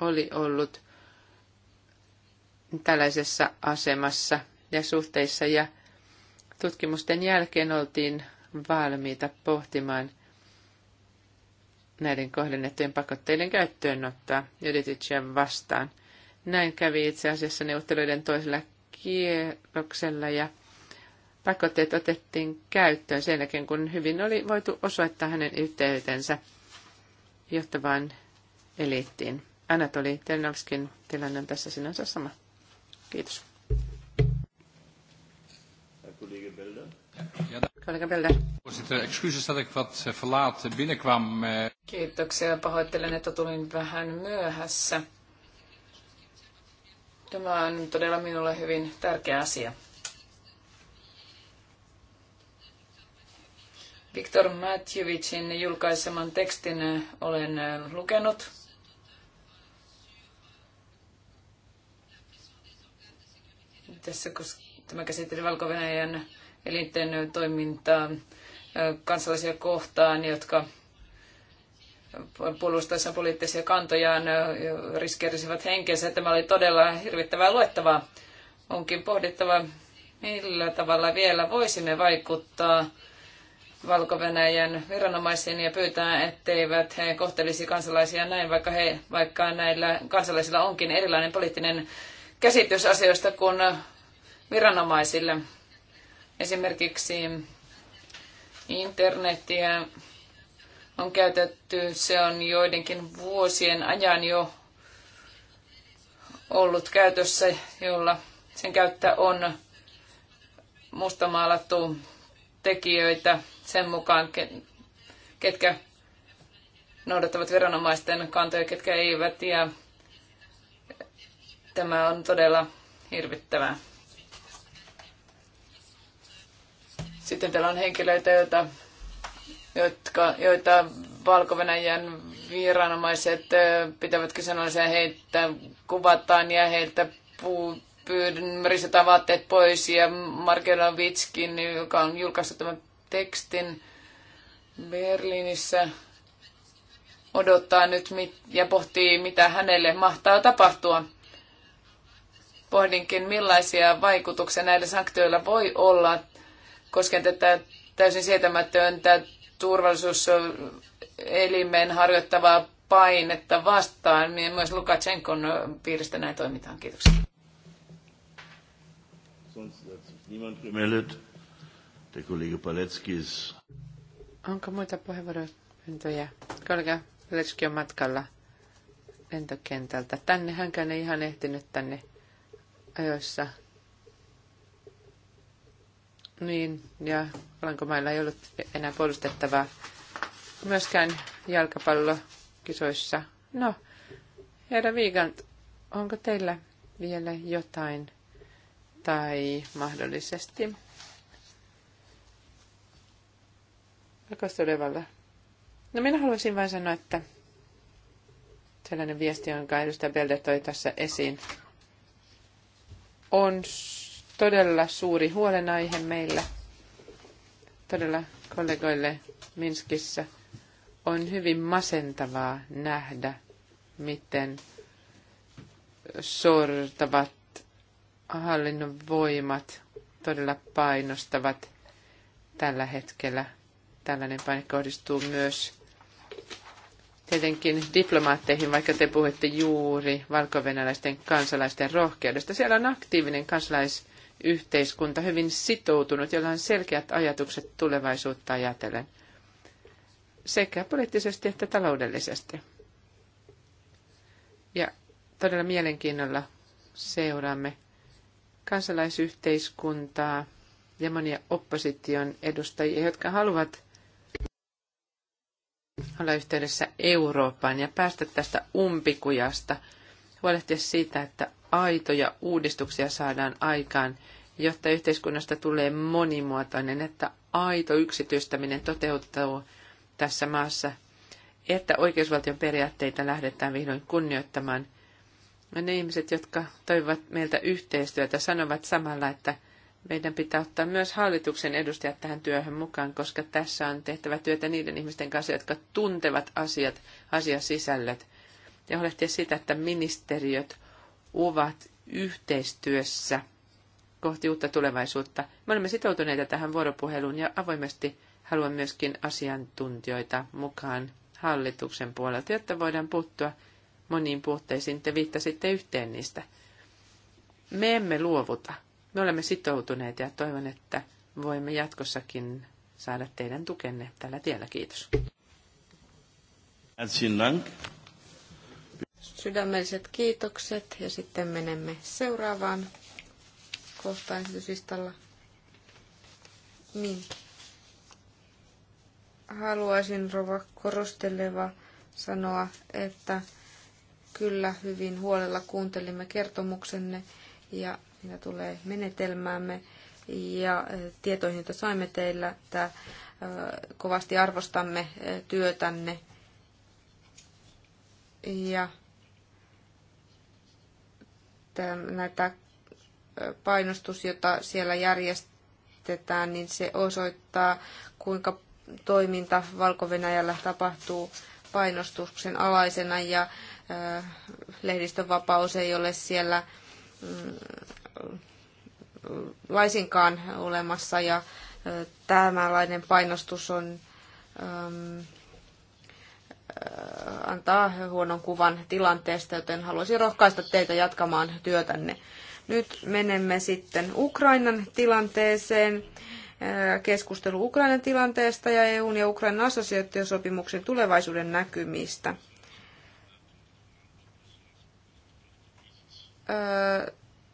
Speaker 1: oli ollut tällaisessa asemassa ja suhteissa ja tutkimusten jälkeen oltiin valmiita pohtimaan näiden kohdennettujen pakotteiden käyttöönottoa Jyditytsiä vastaan. Näin kävi itse asiassa neuvotteluiden toisella kierroksella ja pakotteet otettiin käyttöön sen jälkeen, kun hyvin oli voitu osoittaa hänen yhteytensä johtavaan eliittiin. Anatoli Ternovskin tilanne on tässä sinänsä sama. Kiitos. Kollega Belder.
Speaker 2: Voorzitter, excuses dat ik wat eh, verlaat
Speaker 3: binnenkwam. Eh. Kiitoksia. Pahoittelen, että tulin vähän myöhässä. Tämä on todella minulle hyvin tärkeä asia. Viktor Matjevicin julkaiseman tekstin olen eh, lukenut Tässä tämä käsitteli valko elinten toimintaa kansalaisia kohtaan, jotka puolustaessaan poliittisia kantojaan riskeerisivät henkensä. Tämä oli todella hirvittävää luettavaa. Onkin pohdittava, millä tavalla vielä voisimme vaikuttaa valko viranomaisiin ja pyytää, etteivät he kohtelisi kansalaisia näin, vaikka, he, vaikka näillä kansalaisilla onkin erilainen poliittinen käsitys asioista kuin viranomaisille. Esimerkiksi internetiä on käytetty, se on joidenkin vuosien ajan jo ollut käytössä, jolla sen käyttä on mustamaalattu tekijöitä sen mukaan, ketkä noudattavat viranomaisten kantoja, ketkä eivät. Ja tämä on todella hirvittävää. Sitten täällä on henkilöitä, joita, jotka, joita Valko-Venäjän viranomaiset pitävät kyseenalaisia. Heitä kuvataan ja heiltä puu, risetään vaatteet pois. Ja Markela Vitskin, joka on julkaissut tämän tekstin Berliinissä, odottaa nyt mit, ja pohtii, mitä hänelle mahtaa tapahtua. Pohdinkin, millaisia vaikutuksia näillä sanktioilla voi olla koskien tätä täysin sietämätöntä
Speaker 2: turvallisuuselimen
Speaker 3: harjoittavaa painetta vastaan. Niin myös Lukashenkon piiristä näin toimitaan. Kiitoksia. Onko muita
Speaker 1: puheenvuoropyyntöjä? Kollega Paletski on matkalla lentokentältä. Tänne hänkään ei ihan ehtinyt tänne ajoissa niin, ja Alankomailla ei ollut enää puolustettavaa myöskään jalkapallokisoissa. No, herra Viigant, onko teillä vielä jotain tai mahdollisesti Kostolevalla? No minä haluaisin vain sanoa, että sellainen viesti, jonka edustaja Belde toi tässä esiin, on todella suuri huolenaihe meillä. Todella kollegoille Minskissä on hyvin masentavaa nähdä, miten sortavat hallinnon voimat todella painostavat tällä hetkellä. Tällainen paine kohdistuu myös tietenkin diplomaatteihin, vaikka te puhuitte juuri valkovenäläisten kansalaisten rohkeudesta. Siellä on aktiivinen kansalais yhteiskunta, hyvin sitoutunut, jolla on selkeät ajatukset tulevaisuutta ajatellen, sekä poliittisesti että taloudellisesti. Ja todella mielenkiinnolla seuraamme kansalaisyhteiskuntaa ja monia opposition edustajia, jotka haluavat olla yhteydessä Eurooppaan ja päästä tästä umpikujasta, huolehtia siitä, että aitoja uudistuksia saadaan aikaan, jotta yhteiskunnasta tulee monimuotoinen, että aito yksityistäminen toteutuu tässä maassa, että oikeusvaltion periaatteita lähdetään vihdoin kunnioittamaan. Ja ne ihmiset, jotka toivat meiltä yhteistyötä, sanovat samalla, että meidän pitää ottaa myös hallituksen edustajat tähän työhön mukaan, koska tässä on tehtävä työtä niiden ihmisten kanssa, jotka tuntevat asiat, asiasisällöt, ja huolehtia sitä, että ministeriöt ovat yhteistyössä kohti uutta tulevaisuutta. Me olemme sitoutuneita tähän vuoropuheluun ja avoimesti haluan myöskin asiantuntijoita mukaan hallituksen puolelta, jotta voidaan puuttua moniin puutteisiin. Te viittasitte yhteen niistä. Me emme luovuta. Me olemme sitoutuneita ja toivon, että voimme jatkossakin saada teidän tukenne tällä tiellä. Kiitos.
Speaker 2: Herzlichen Dank. Sydämelliset kiitokset ja sitten menemme seuraavaan kohtaan esityslistalla. Niin. Haluaisin rova korosteleva sanoa, että kyllä hyvin huolella kuuntelimme kertomuksenne ja mitä tulee menetelmäämme ja e, tietoihin, joita saimme teillä, että e, kovasti arvostamme e, työtänne ja näitä painostus, jota siellä järjestetään, niin se osoittaa, kuinka toiminta valko tapahtuu painostuksen alaisena ja lehdistönvapaus ei ole siellä mm, laisinkaan olemassa ja tämänlainen painostus on antaa huonon kuvan tilanteesta, joten haluaisin rohkaista teitä jatkamaan työtänne. Nyt menemme sitten Ukrainan tilanteeseen. Keskustelu Ukrainan tilanteesta ja EUn ja Ukrainan assosiaatiosopimuksen tulevaisuuden näkymistä.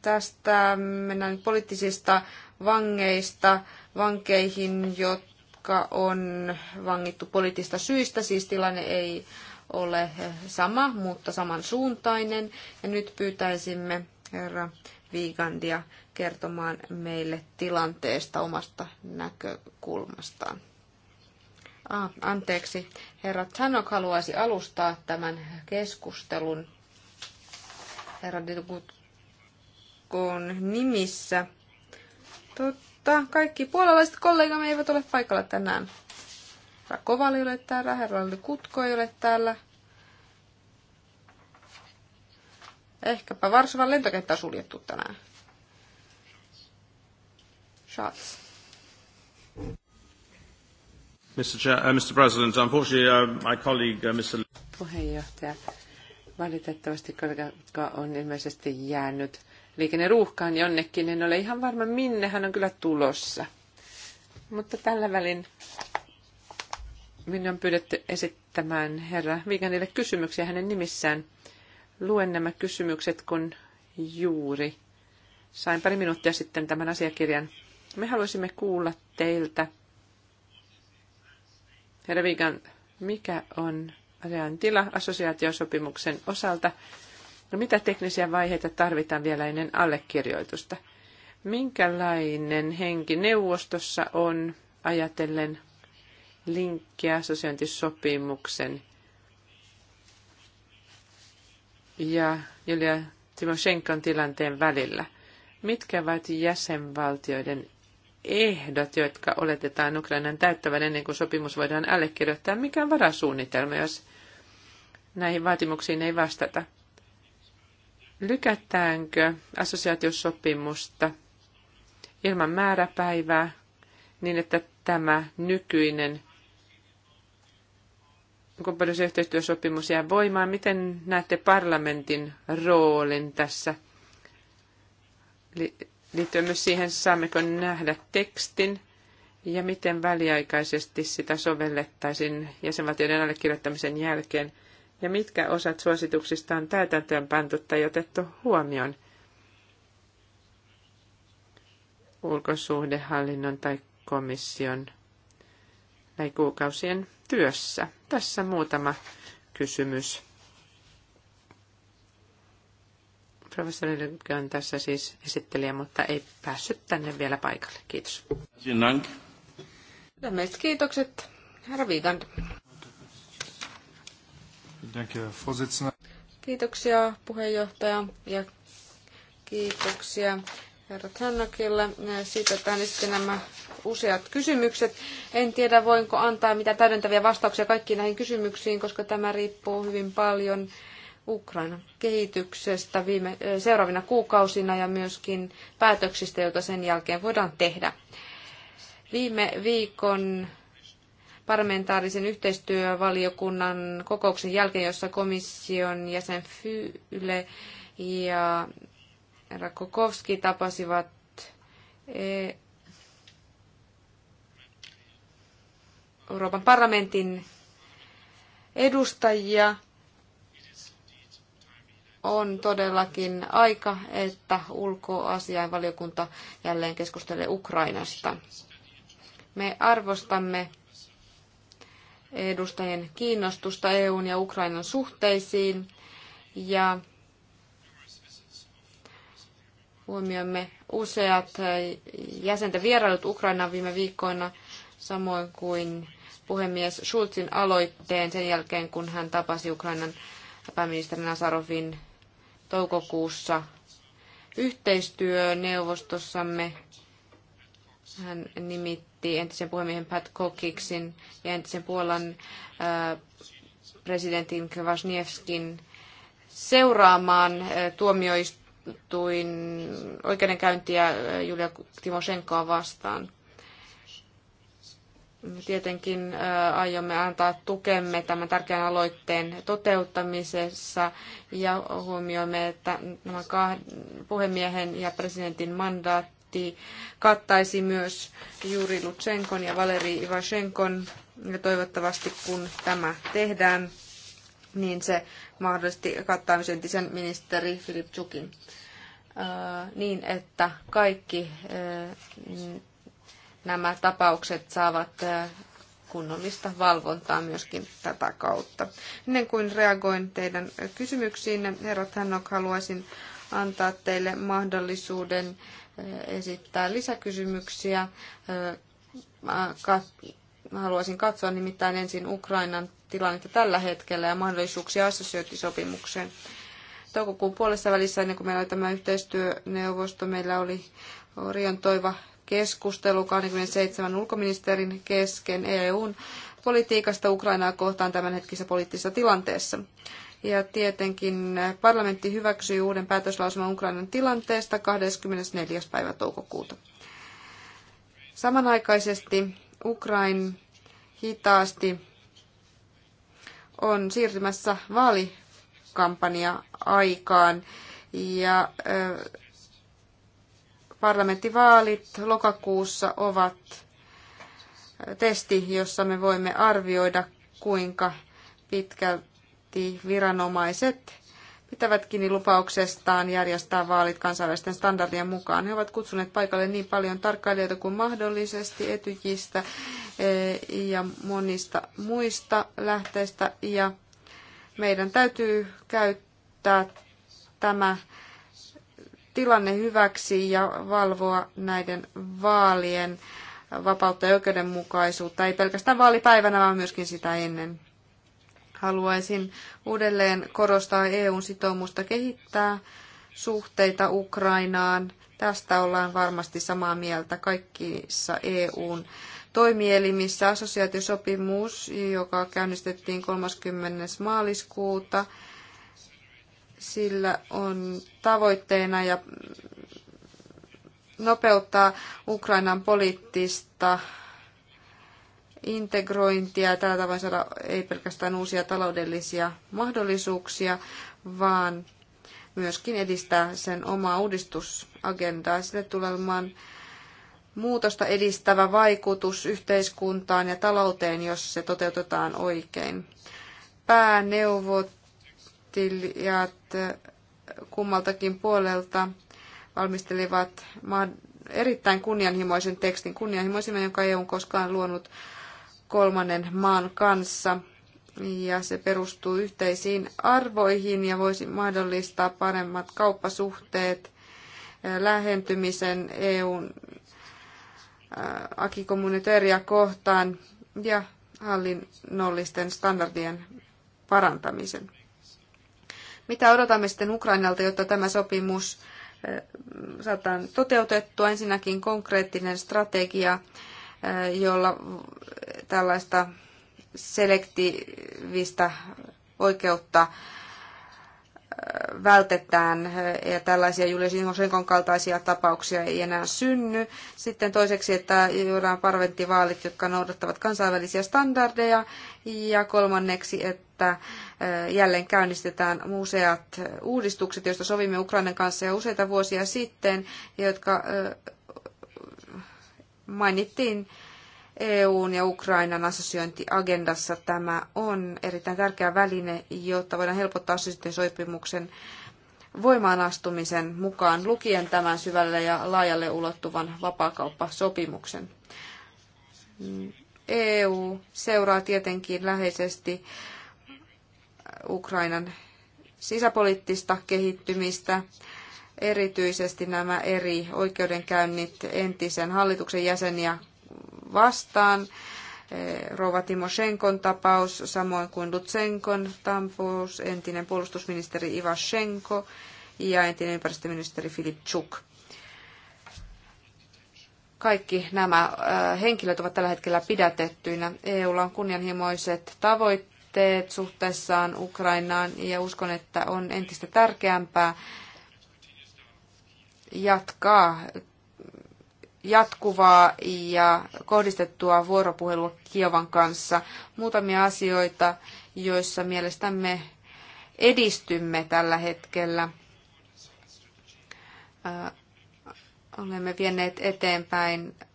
Speaker 2: tästä mennään poliittisista vangeista vankeihin, jotka jotka on vangittu poliittista syistä, siis tilanne ei ole sama, mutta samansuuntainen. Ja nyt pyytäisimme herra Viigandia kertomaan meille tilanteesta omasta näkökulmastaan. Ah, anteeksi, herra Tanok haluaisi alustaa tämän keskustelun herra Dilgutkon nimissä. Tot mutta kaikki puolalaiset kollegamme eivät ole paikalla tänään. Rakovali Koval ole täällä, herra Kutko ei ole täällä. Ehkäpä Varsovan lentokenttä on suljettu tänään. Shots.
Speaker 1: Mr. Chair, uh, Mr. President, unfortunately, uh, my colleague, uh, Mr. Puheenjohtaja, valitettavasti kollega on ilmeisesti jäänyt liikenneruuhkaan jonnekin. En niin ole ihan varma, minne hän on kyllä tulossa. Mutta tällä välin minun on pyydetty esittämään herra Viganille kysymyksiä hänen nimissään. Luen nämä kysymykset, kun juuri sain pari minuuttia sitten tämän asiakirjan. Me haluaisimme kuulla teiltä, herra Vigan, mikä on asian tila assosiaatiosopimuksen osalta – No mitä teknisiä vaiheita tarvitaan vielä ennen allekirjoitusta? Minkälainen henki neuvostossa on ajatellen linkkiä assosiointisopimuksen ja Julia Timoshenkon tilanteen välillä? Mitkä ovat jäsenvaltioiden ehdot, jotka oletetaan Ukrainan täyttävän ennen kuin sopimus voidaan allekirjoittaa? Mikä on varasuunnitelma, jos näihin vaatimuksiin ei vastata? lykätäänkö assosiaatiosopimusta ilman määräpäivää niin, että tämä nykyinen kumppanuus- ja yhteistyösopimus jää voimaan. Miten näette parlamentin roolin tässä? Liittyen myös siihen, saammeko nähdä tekstin ja miten väliaikaisesti sitä sovellettaisiin jäsenvaltioiden allekirjoittamisen jälkeen – ja mitkä osat suosituksista on täytäntöön pantu tai otettu huomioon ulkosuhdehallinnon tai komission kuukausien työssä. Tässä muutama kysymys. Professori Lykke on tässä siis esittelijä, mutta ei päässyt tänne vielä paikalle.
Speaker 3: Kiitos.
Speaker 2: kiitokset, herra Viikand. Kiitoksia puheenjohtaja ja kiitoksia herra Tannakille siitä, että äänestitte nämä useat kysymykset. En tiedä, voinko antaa mitä täydentäviä vastauksia kaikkiin näihin kysymyksiin, koska tämä riippuu hyvin paljon Ukrainan kehityksestä viime, seuraavina kuukausina ja myöskin päätöksistä, joita sen jälkeen voidaan tehdä. Viime viikon parlamentaarisen yhteistyövaliokunnan kokouksen jälkeen, jossa komission jäsen Fyle ja Rakokovski tapasivat e- Euroopan parlamentin edustajia. On todellakin aika, että ulkoasiainvaliokunta jälleen keskustelee Ukrainasta. Me arvostamme edustajien kiinnostusta EUn ja Ukrainan suhteisiin ja huomioimme useat jäsenten vierailut Ukrainaan viime viikkoina, samoin kuin puhemies Schulzin aloitteen sen jälkeen, kun hän tapasi Ukrainan pääministeri Asarovin toukokuussa yhteistyöneuvostossamme. Hän nimitti presidentti, entisen puhemiehen Pat Kokiksin ja entisen Puolan äh, presidentin Kvasniewskin seuraamaan äh, tuomioistuin oikeudenkäyntiä äh, Julia Timoshenkoa vastaan. Tietenkin aiomme antaa tukemme tämän tärkeän aloitteen toteuttamisessa ja huomioimme, että nämä kahden puhemiehen ja presidentin mandaatti paketti kattaisi myös Juri Lutsenkon ja Valeri Ivashenkon. Ja toivottavasti kun tämä tehdään, niin se mahdollisesti kattaa myös entisen ministeri Filip Tsukin. Äh, niin, että kaikki äh, nämä tapaukset saavat äh, kunnollista valvontaa myöskin tätä kautta. Ennen kuin reagoin teidän kysymyksiinne, herrat Hannok, haluaisin antaa teille mahdollisuuden esittää lisäkysymyksiä. Haluaisin katsoa nimittäin ensin Ukrainan tilannetta tällä hetkellä ja mahdollisuuksia assosiointisopimukseen. Toukokuun puolessa välissä, ennen kuin meillä oli tämä yhteistyöneuvosto, meillä oli toiva keskustelu 27 ulkoministerin kesken EUn politiikasta Ukrainaa kohtaan tämänhetkisessä poliittisessa tilanteessa. Ja tietenkin parlamentti hyväksyi uuden päätöslausuman Ukrainan tilanteesta 24. päivä toukokuuta. Samanaikaisesti Ukrain hitaasti on siirtymässä vaalikampanja aikaan ja parlamenttivaalit lokakuussa ovat testi, jossa me voimme arvioida, kuinka pitkä viranomaiset pitävät kiinni lupauksestaan järjestää vaalit kansainvälisten standardien mukaan. He ovat kutsuneet paikalle niin paljon tarkkailijoita kuin mahdollisesti Etyjistä eh, ja monista muista lähteistä. Ja meidän täytyy käyttää tämä tilanne hyväksi ja valvoa näiden vaalien vapautta ja oikeudenmukaisuutta, ei pelkästään vaalipäivänä, vaan myöskin sitä ennen. Haluaisin uudelleen korostaa EUn sitoumusta kehittää suhteita Ukrainaan. Tästä ollaan varmasti samaa mieltä kaikissa EUn toimielimissä. Assosiaatiosopimus, joka käynnistettiin 30. maaliskuuta, sillä on tavoitteena ja nopeuttaa Ukrainan poliittista integrointia. Tällä tavoin saada ei pelkästään uusia taloudellisia mahdollisuuksia, vaan myöskin edistää sen omaa uudistusagendaa. Sille tulee olemaan muutosta edistävä vaikutus yhteiskuntaan ja talouteen, jos se toteutetaan oikein. Pääneuvottelijat kummaltakin puolelta valmistelivat erittäin kunnianhimoisen tekstin, kunnianhimoisimman, jonka EU on koskaan luonut kolmannen maan kanssa ja se perustuu yhteisiin arvoihin ja voisi mahdollistaa paremmat kauppasuhteet, eh, lähentymisen EUn eh, akikommuniteeria kohtaan ja hallinnollisten standardien parantamisen. Mitä odotamme sitten Ukrainalta, jotta tämä sopimus eh, saadaan toteutettua? Ensinnäkin konkreettinen strategia jolla tällaista selektiivistä oikeutta vältetään ja tällaisia Julia Simosenkon kaltaisia tapauksia ei enää synny. Sitten toiseksi, että juodaan parventtivaalit, jotka noudattavat kansainvälisiä standardeja. Ja kolmanneksi, että jälleen käynnistetään museat uudistukset, joista sovimme Ukrainan kanssa jo useita vuosia sitten, jotka mainittiin EUn ja Ukrainan assosiointiagendassa. Tämä on erittäin tärkeä väline, jotta voidaan helpottaa sopimuksen voimaanastumisen mukaan lukien tämän syvälle ja laajalle ulottuvan vapaakauppasopimuksen. EU seuraa tietenkin läheisesti Ukrainan sisäpoliittista kehittymistä erityisesti nämä eri oikeudenkäynnit entisen hallituksen jäseniä vastaan. Eh, Rova Timoshenkon tapaus, samoin kuin Lutsenkon tapaus, entinen puolustusministeri Ivashenko ja entinen ympäristöministeri Filip Chuk. Kaikki nämä eh, henkilöt ovat tällä hetkellä pidätettyinä. EUlla on kunnianhimoiset tavoitteet suhteessaan Ukrainaan ja uskon, että on entistä tärkeämpää, jatkaa jatkuvaa ja kohdistettua vuoropuhelua Kiovan kanssa. Muutamia asioita, joissa mielestämme edistymme tällä hetkellä. Äh, olemme vienneet eteenpäin äh,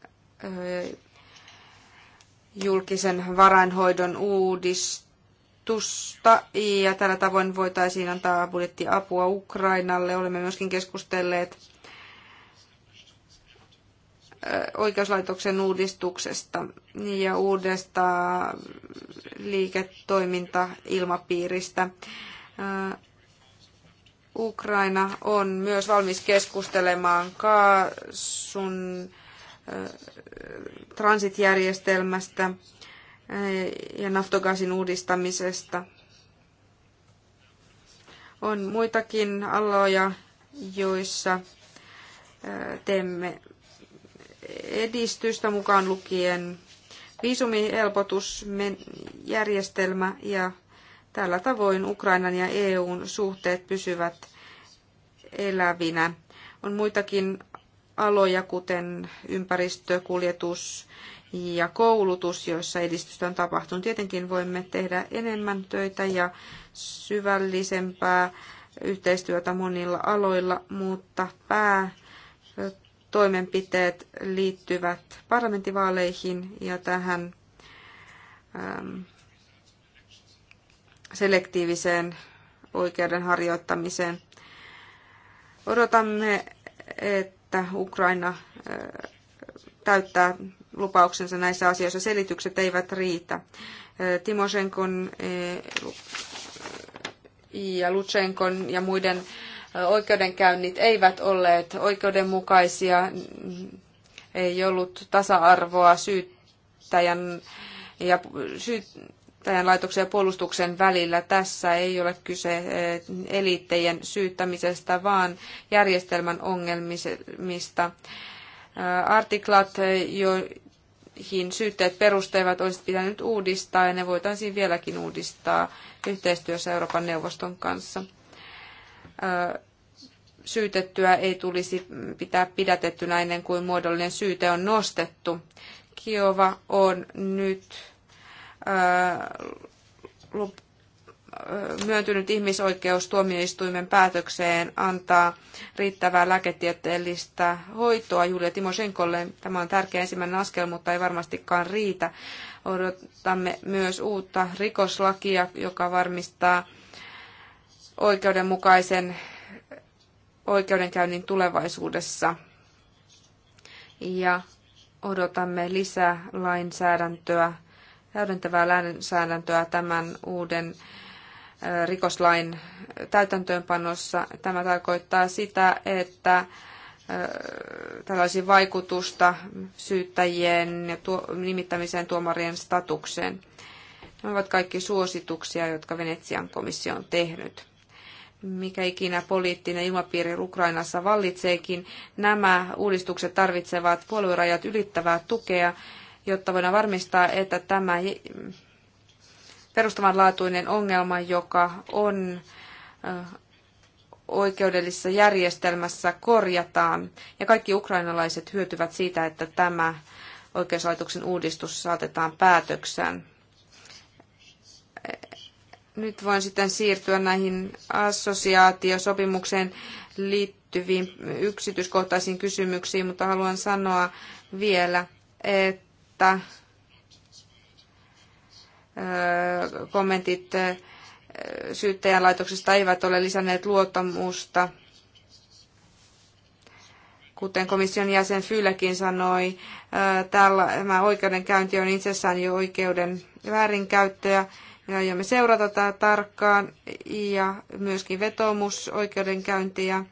Speaker 2: julkisen varainhoidon uudistusta ja tällä tavoin voitaisiin antaa budjettiapua Ukrainalle. Olemme myöskin keskustelleet oikeuslaitoksen uudistuksesta ja uudesta liiketoimintailmapiiristä. Ukraina on myös valmis keskustelemaan kaasun transitjärjestelmästä ja naftogasin uudistamisesta. On muitakin aloja, joissa teemme edistystä mukaan lukien viisumihelpotusjärjestelmä ja tällä tavoin Ukrainan ja EUn suhteet pysyvät elävinä. On muitakin aloja, kuten ympäristö, kuljetus ja koulutus, joissa edistystä on tapahtunut. Tietenkin voimme tehdä enemmän töitä ja syvällisempää yhteistyötä monilla aloilla, mutta pää toimenpiteet liittyvät parlamenttivaaleihin ja tähän ähm, selektiiviseen oikeuden harjoittamiseen. Odotamme, että Ukraina äh, täyttää lupauksensa näissä asioissa. Selitykset eivät riitä. Äh, Timoshenkon äh, ja Lutsenkon ja muiden oikeudenkäynnit eivät olleet oikeudenmukaisia, ei ollut tasa-arvoa syyttäjän ja syyttäjän laitoksen ja puolustuksen välillä. Tässä ei ole kyse eh, eliittien syyttämisestä, vaan järjestelmän ongelmista. Eh, artiklat, eh, joihin syytteet perusteevat, olisi pitänyt uudistaa ja ne voitaisiin vieläkin uudistaa yhteistyössä Euroopan neuvoston kanssa syytettyä ei tulisi pitää pidätettynä ennen kuin muodollinen syyte on nostettu. Kiova on nyt myöntynyt ihmisoikeustuomioistuimen päätökseen antaa riittävää lääketieteellistä hoitoa Julia Timosenkolle. Tämä on tärkeä ensimmäinen askel, mutta ei varmastikaan riitä. Odotamme myös uutta rikoslakia, joka varmistaa oikeudenmukaisen oikeudenkäynnin tulevaisuudessa. Ja odotamme lisää lainsäädäntöä, täydentävää lainsäädäntöä tämän uuden rikoslain täytäntöönpanossa. Tämä tarkoittaa sitä, että tällaisia vaikutusta syyttäjien ja tuo, nimittämiseen tuomarien statukseen. Nämä ovat kaikki suosituksia, jotka Venetsian komissio on tehnyt mikä ikinä poliittinen ilmapiiri Ukrainassa vallitseekin, nämä uudistukset tarvitsevat puoluerajat ylittävää tukea, jotta voidaan varmistaa, että tämä perustavanlaatuinen ongelma, joka on oikeudellisessa järjestelmässä, korjataan. Ja kaikki ukrainalaiset hyötyvät siitä, että tämä oikeuslaitoksen uudistus saatetaan päätökseen nyt voin sitten siirtyä näihin assosiaatiosopimukseen liittyviin yksityiskohtaisiin kysymyksiin, mutta haluan sanoa vielä, että kommentit syyttäjälaitoksesta eivät ole lisänneet luottamusta. Kuten komission jäsen Fylläkin sanoi, tämä oikeudenkäynti on itsessään jo oikeuden väärinkäyttöä me aiomme seurata tätä tarkkaan ja myöskin vetoomusoikeudenkäyntiä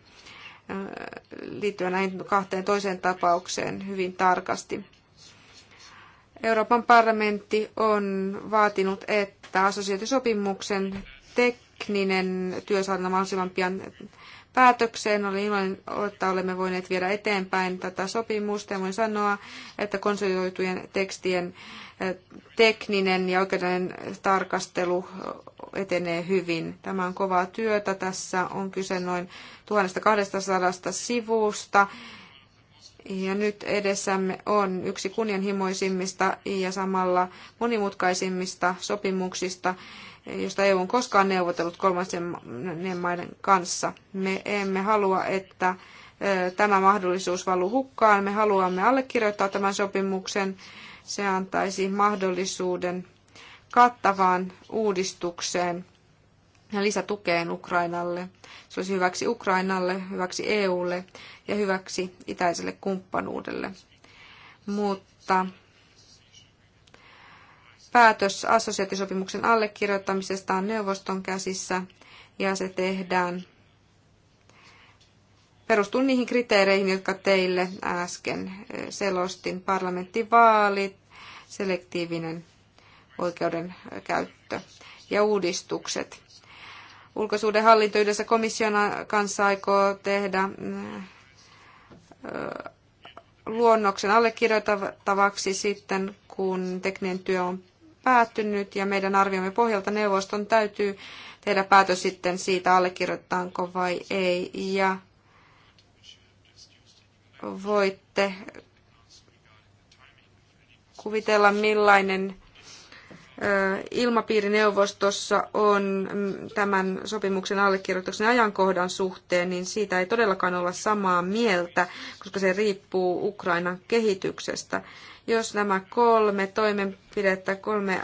Speaker 2: liittyen näihin kahteen toiseen tapaukseen hyvin tarkasti. Euroopan parlamentti on vaatinut, että assosiaatiosopimuksen tekninen työ saadaan mahdollisimman pian päätökseen. Olen iloinen, että olemme voineet viedä eteenpäin tätä sopimusta ja voin sanoa, että konsolidoitujen tekstien tekninen ja oikeudellinen tarkastelu etenee hyvin. Tämä on kovaa työtä. Tässä on kyse noin 1200 sivusta. Ja nyt edessämme on yksi kunnianhimoisimmista ja samalla monimutkaisimmista sopimuksista, josta EU on koskaan neuvotellut kolmansien maiden kanssa. Me emme halua, että tämä mahdollisuus valu hukkaan. Me haluamme allekirjoittaa tämän sopimuksen. Se antaisi mahdollisuuden kattavaan uudistukseen ja lisätukeen Ukrainalle. Se olisi hyväksi Ukrainalle, hyväksi EUlle ja hyväksi itäiselle kumppanuudelle. Mutta päätös assosiaatiosopimuksen allekirjoittamisesta on neuvoston käsissä ja se tehdään perustuu niihin kriteereihin, jotka teille äsken selostin. Parlamenttivaalit, selektiivinen oikeudenkäyttö ja uudistukset. Ulkosuudenhallinto yhdessä komission kanssa aikoo tehdä mm, luonnoksen allekirjoitavaksi sitten, kun tekninen työ on päättynyt ja meidän arviomme pohjalta neuvoston täytyy tehdä päätös sitten siitä, allekirjoitetaanko vai ei. Ja voitte kuvitella, millainen ilmapiirineuvostossa on tämän sopimuksen allekirjoituksen ajankohdan suhteen, niin siitä ei todellakaan olla samaa mieltä, koska se riippuu Ukrainan kehityksestä. Jos nämä kolme toimenpidettä, kolme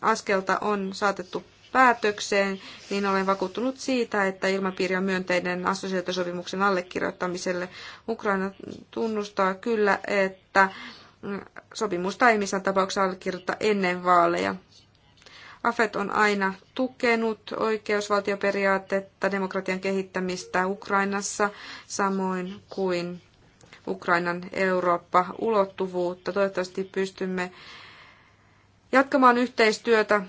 Speaker 2: askelta on saatettu päätökseen, niin olen vakuuttunut siitä, että ilmapiiri on myönteinen assosiaatiosopimuksen allekirjoittamiselle. Ukraina tunnustaa kyllä, että sopimusta ei missään tapauksessa allekirjoita ennen vaaleja. AFET on aina tukenut oikeusvaltioperiaatetta, demokratian kehittämistä Ukrainassa, samoin kuin Ukrainan Eurooppa-ulottuvuutta. Toivottavasti pystymme jatkamaan yhteistyötä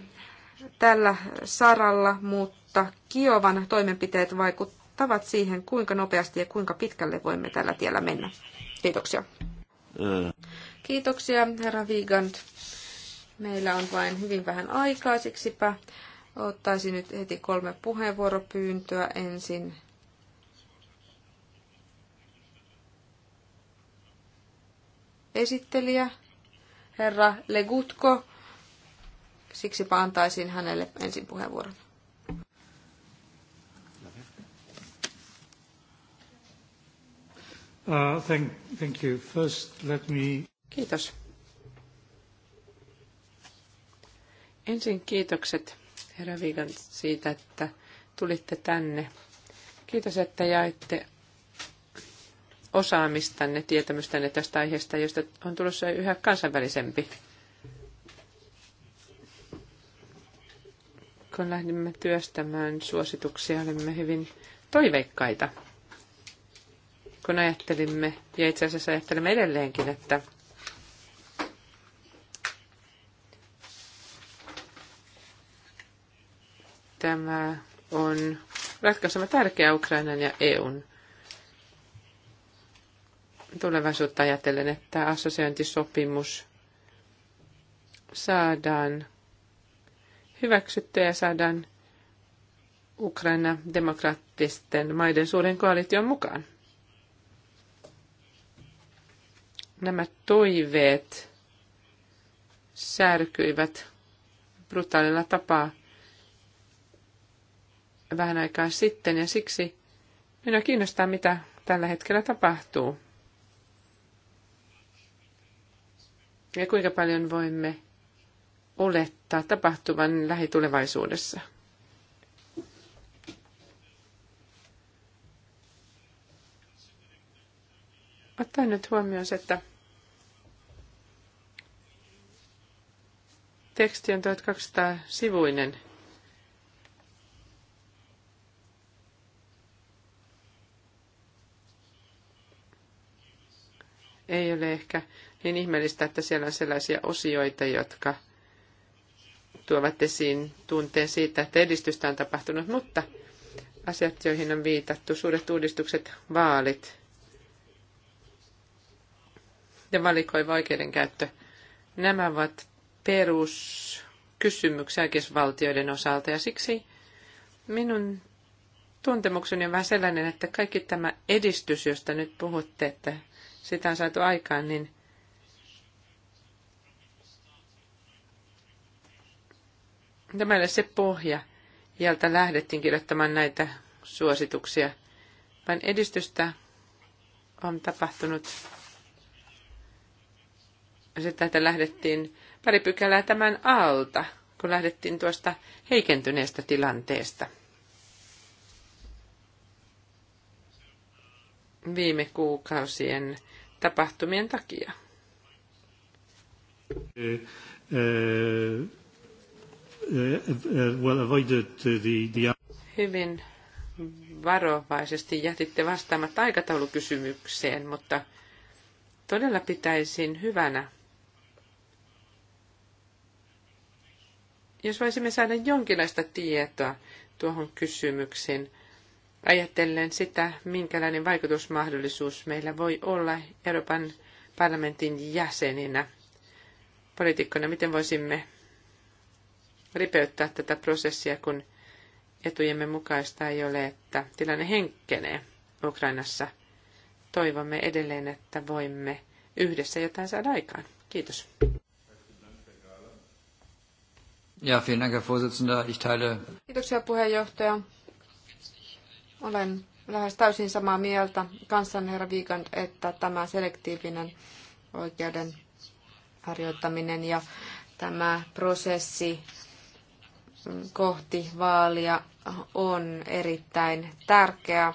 Speaker 2: tällä saralla, mutta Kiovan toimenpiteet vaikuttavat siihen, kuinka nopeasti ja kuinka pitkälle voimme tällä tiellä mennä. Kiitoksia. Kiitoksia, herra Vigand. Meillä on vain hyvin vähän aikaa, siksipä ottaisin nyt heti kolme puheenvuoropyyntöä ensin. Esittelijä, herra Legutko siksi antaisin hänelle ensin puheenvuoron.
Speaker 1: Uh, thank, thank you. First, let me... Kiitos. Ensin kiitokset, herra Viigan, siitä, että tulitte tänne. Kiitos, että jaitte osaamistanne, tietämystänne tästä aiheesta, josta on tulossa yhä kansainvälisempi kun lähdimme työstämään suosituksia, olimme hyvin toiveikkaita, kun ajattelimme, ja itse asiassa ajattelimme edelleenkin, että tämä on ratkaisema tärkeä Ukrainan ja EUn tulevaisuutta ajatellen, että assosiointisopimus saadaan hyväksyttyä ja saadaan Ukraina demokraattisten maiden suuren koalition mukaan. Nämä toiveet särkyivät brutaalilla tapaa vähän aikaa sitten ja siksi minua kiinnostaa, mitä tällä hetkellä tapahtuu. Ja kuinka paljon voimme olettaa tapahtuvan lähitulevaisuudessa? Ottaen nyt huomioon että teksti on 1200 sivuinen, ei ole ehkä niin ihmeellistä, että siellä on sellaisia osioita, jotka tuovat esiin tunteen siitä, että edistystä on tapahtunut, mutta asiat, joihin on viitattu, suuret uudistukset, vaalit ja valikoiva oikeudenkäyttö, nämä ovat peruskysymyksiä oikeusvaltioiden osalta ja siksi minun tuntemukseni on vähän sellainen, että kaikki tämä edistys, josta nyt puhutte, että sitä on saatu aikaan, niin – Tämä ei se pohja, Jältä lähdettiin kirjoittamaan näitä suosituksia, Vain edistystä on tapahtunut sitten, tätä lähdettiin pari pykälää tämän alta, kun lähdettiin tuosta heikentyneestä tilanteesta. Viime kuukausien tapahtumien takia. Eh, eh, Eh, eh, well
Speaker 3: avoided the, the...
Speaker 1: Hyvin varovaisesti jätitte vastaamatta aikataulukysymykseen, mutta todella pitäisin hyvänä, jos voisimme saada jonkinlaista tietoa tuohon kysymykseen, ajatellen sitä, minkälainen vaikutusmahdollisuus meillä voi olla Euroopan parlamentin jäseninä, poliitikkoina, miten voisimme ripeyttää tätä prosessia, kun etujemme mukaista ei ole, että tilanne henkenee Ukrainassa. Toivomme edelleen, että voimme yhdessä jotain saada aikaan.
Speaker 2: Kiitos. Ja, vielen Dank, Herr Vorsitzender. Ich teile... Kiitoksia puheenjohtaja. Olen lähes täysin samaa mieltä kanssanne, herra Wiegand, että tämä selektiivinen oikeuden harjoittaminen ja tämä prosessi kohti vaalia on erittäin tärkeä.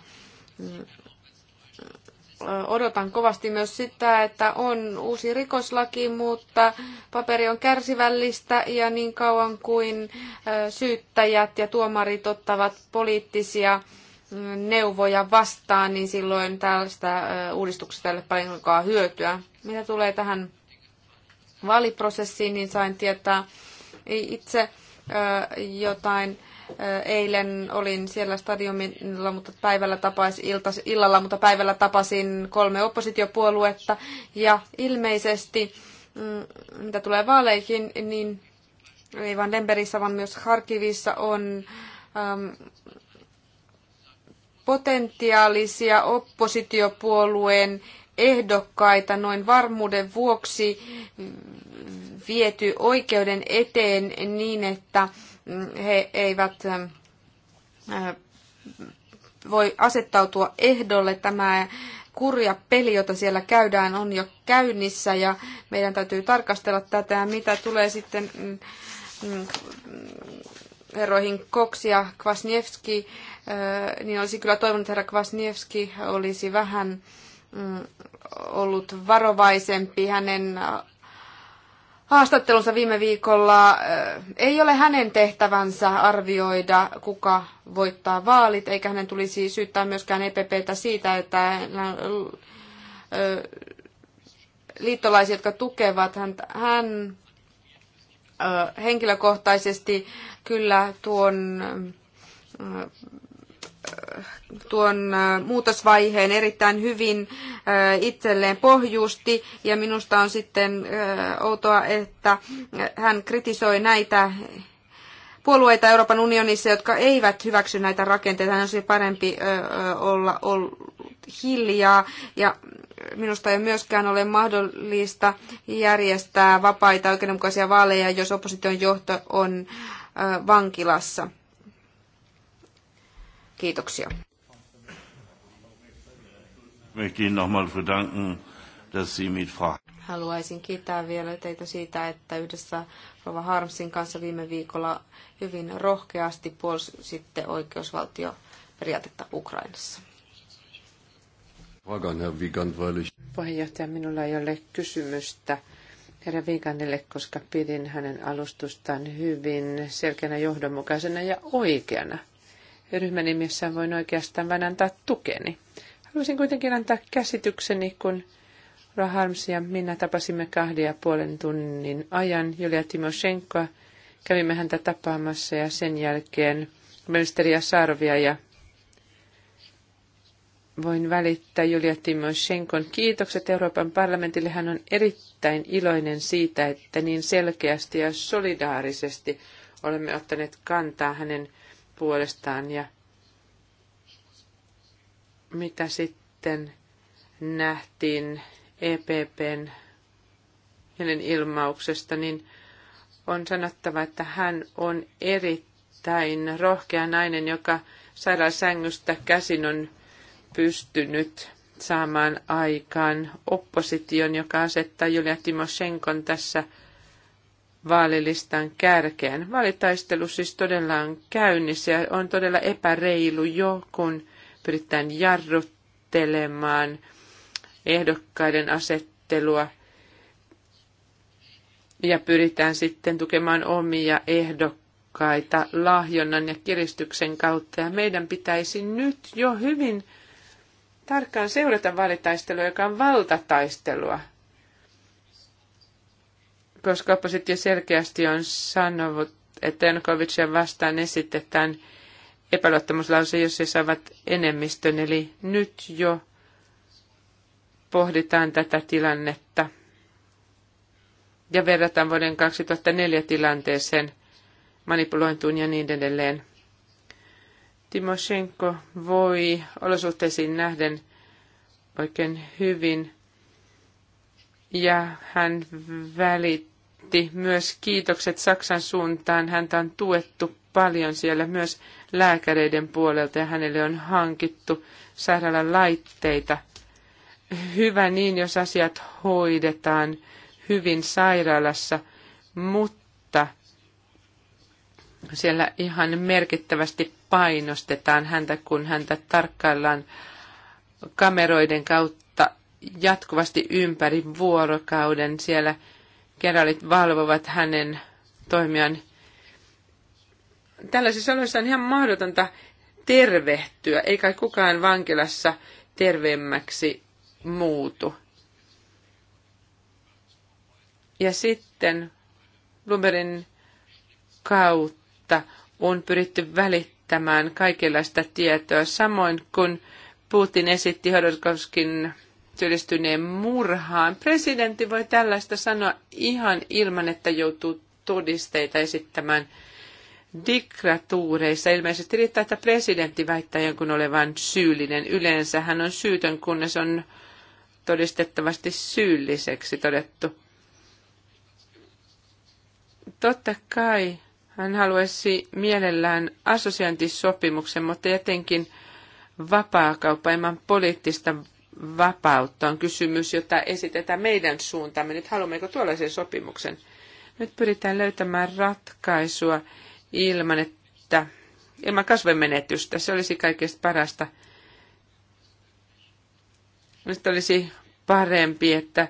Speaker 2: Odotan kovasti myös sitä, että on uusi rikoslaki, mutta paperi on kärsivällistä ja niin kauan kuin syyttäjät ja tuomarit ottavat poliittisia neuvoja vastaan, niin silloin tällaista uudistuksesta ei ole paljonkaan hyötyä. Mitä tulee tähän vaaliprosessiin, niin sain tietää itse jotain. Eilen olin siellä stadionilla, mutta päivällä tapaisin, ilta, illalla, mutta päivällä tapasin kolme oppositiopuoluetta. Ja ilmeisesti, mm, mitä tulee vaaleihin, niin ei vain Lemberissä, vaan myös Harkivissa on äm, potentiaalisia oppositiopuolueen ehdokkaita noin varmuuden vuoksi viety oikeuden eteen niin, että he eivät äh, voi asettautua ehdolle. Tämä kurja peli, jota siellä käydään, on jo käynnissä ja meidän täytyy tarkastella tätä mitä tulee sitten mm, mm, herroihin Cox ja Kwasniewski, äh, niin olisi kyllä toivonut, että herra Kwasniewski olisi vähän Mm, ollut varovaisempi. Hänen haastattelunsa viime viikolla äh, ei ole hänen tehtävänsä arvioida, kuka voittaa vaalit, eikä hänen tulisi syyttää myöskään EPPtä siitä, että äh, liittolaisia, jotka tukevat häntä, hän äh, henkilökohtaisesti kyllä tuon tuon äh, muutosvaiheen erittäin hyvin äh, itselleen pohjusti ja minusta on sitten äh, outoa, että hän kritisoi näitä puolueita Euroopan unionissa, jotka eivät hyväksy näitä rakenteita. Hän olisi parempi olla hiljaa ja minusta ei myöskään ole mahdollista järjestää vapaita oikeudenmukaisia vaaleja, jos opposition johto on vankilassa. Kiitoksia. Haluaisin kiittää vielä teitä siitä, että yhdessä Rova Harmsin kanssa viime viikolla hyvin rohkeasti puolustitte oikeusvaltioperiaatetta Ukrainassa.
Speaker 1: Puheenjohtaja, minulla ei ole kysymystä herra Viikanille, koska pidin hänen alustustaan hyvin selkeänä, johdonmukaisena ja oikeana ryhmän nimissä voin oikeastaan vain antaa tukeni. Haluaisin kuitenkin antaa käsitykseni, kun Raharms ja minä tapasimme kahden ja puolen tunnin ajan Julia Timoshenkoa. Kävimme häntä tapaamassa ja sen jälkeen ministeriä Sarvia ja voin välittää Julia Timoshenkon kiitokset Euroopan parlamentille. Hän on erittäin iloinen siitä, että niin selkeästi ja solidaarisesti olemme ottaneet kantaa hänen puolestaan ja mitä sitten nähtiin EPPn ilmauksesta, niin on sanottava, että hän on erittäin rohkea nainen, joka sairaalsängystä käsin on pystynyt saamaan aikaan opposition, joka asettaa Julia Timoshenkon tässä – vaalilistan kärkeen. Vaalitaistelu siis todella on käynnissä ja on todella epäreilu jo, kun pyritään jarruttelemaan ehdokkaiden asettelua ja pyritään sitten tukemaan omia ehdokkaita lahjonnan ja kiristyksen kautta. Ja meidän pitäisi nyt jo hyvin tarkkaan seurata vaalitaistelua, joka on valtataistelua koska oppositio selkeästi on sanonut, että Janukovicia vastaan esitetään epäluottamuslause, jos he saavat enemmistön. Eli nyt jo pohditaan tätä tilannetta ja verrataan vuoden 2004 tilanteeseen manipulointuun ja niin edelleen. Timoshenko voi olosuhteisiin nähden oikein hyvin ja hän välit Britti myös kiitokset Saksan suuntaan. Häntä on tuettu paljon siellä myös lääkäreiden puolelta ja hänelle on hankittu sairaalan laitteita. Hyvä niin, jos asiat hoidetaan hyvin sairaalassa, mutta siellä ihan merkittävästi painostetaan häntä, kun häntä tarkkaillaan kameroiden kautta jatkuvasti ympäri vuorokauden siellä – keralit valvovat hänen toimiaan. Tällaisissa oloissa on ihan mahdotonta tervehtyä, eikä kukaan vankilassa terveemmäksi muutu. Ja sitten Lumberin kautta on pyritty välittämään kaikenlaista tietoa, samoin kuin Putin esitti Hodorkovskin syyllistyneen murhaan. Presidentti voi tällaista sanoa ihan ilman, että joutuu todisteita esittämään diktatuureissa. Ilmeisesti riittää, että presidentti väittää jonkun olevan syyllinen. Yleensä hän on syytön, kunnes on todistettavasti syylliseksi todettu. Totta kai hän haluaisi mielellään assosiointisopimuksen, mutta etenkin vapaakauppa ilman poliittista vapautta on kysymys, jota esitetään meidän suuntaamme. Nyt haluammeko tuollaisen sopimuksen? Nyt pyritään löytämään ratkaisua ilman, että, ilman kasvemenetystä. Se olisi kaikista parasta. Nyt olisi parempi, että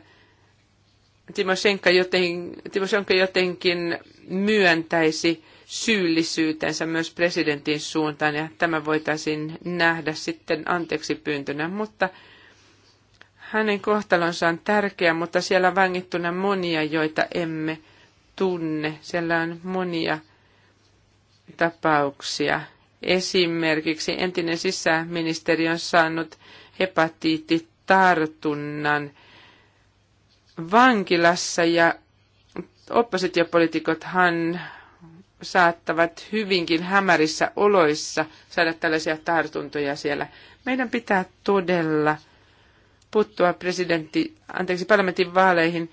Speaker 1: Timoshenka joten, jotenkin myöntäisi syyllisyytensä myös presidentin suuntaan ja tämä voitaisiin nähdä sitten anteeksi pyyntönä, mutta hänen kohtalonsa on tärkeä, mutta siellä on vangittuna monia, joita emme tunne. Siellä on monia tapauksia. Esimerkiksi entinen sisäministeri on saanut hepatiittitartunnan vankilassa ja oppositiopolitiikothan saattavat hyvinkin hämärissä oloissa saada tällaisia tartuntoja siellä. Meidän pitää todella puuttua presidentti, anteeksi, parlamentin vaaleihin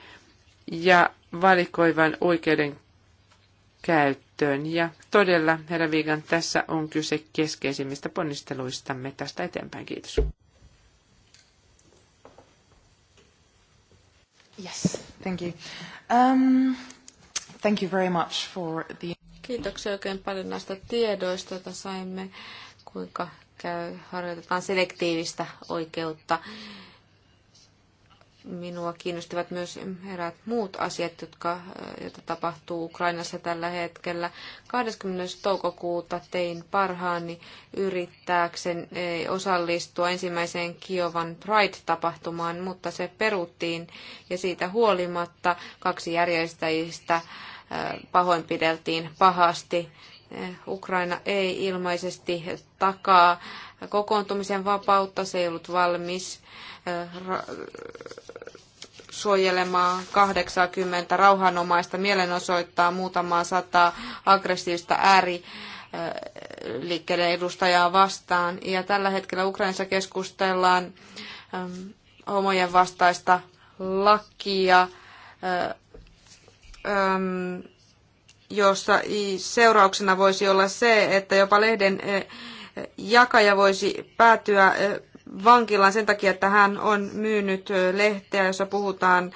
Speaker 1: ja valikoivan oikeuden käyttöön. Ja todella, herra Viigan, tässä on kyse keskeisimmistä ponnisteluistamme tästä eteenpäin. Kiitos.
Speaker 2: Yes, thank you. Um, thank you very much for the... Kiitoksia oikein paljon näistä tiedoista, joita saimme, kuinka käy, harjoitetaan selektiivistä oikeutta. Minua kiinnostivat myös eräät muut asiat, jotka, joita tapahtuu Ukrainassa tällä hetkellä. 20. toukokuuta tein parhaani yrittääkseen eh, osallistua ensimmäiseen Kiovan Pride-tapahtumaan, mutta se peruttiin ja siitä huolimatta kaksi järjestäjistä eh, pahoinpideltiin pahasti. Eh, Ukraina ei ilmeisesti takaa kokoontumisen vapautta, se ei ollut valmis suojelemaan 80 rauhanomaista mielenosoittaa muutamaa sata aggressiivista ääri äh, liikkeiden edustajaa vastaan. Ja tällä hetkellä Ukrainassa keskustellaan ähm, homojen vastaista lakia, äh, ähm, jossa seurauksena voisi olla se, että jopa lehden äh, jakaja voisi päätyä vankilaan sen takia, että hän on myynyt lehteä, jossa puhutaan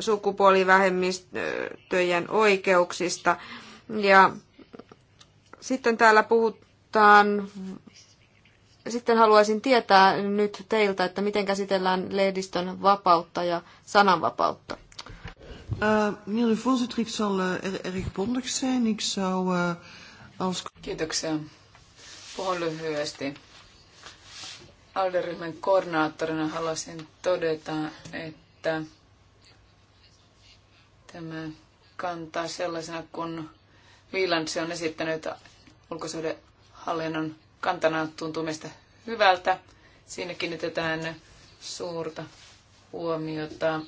Speaker 2: sukupuolivähemmistöjen oikeuksista. Ja sitten täällä puhutaan, sitten haluaisin tietää nyt teiltä, että miten käsitellään lehdistön vapautta ja sananvapautta. Äh, meneer de voorzitter, ik zal eh, er-, erg bondig zijn. Ik zou
Speaker 3: eh, als... Kiitoksia. Puhun lyhyesti. Alderyhmän koordinaattorina haluaisin todeta, että tämä kantaa sellaisena, kun Viiland se on esittänyt ulkosuhdehallinnon kantana tuntuu meistä hyvältä. Siinä kiinnitetään suurta huomiota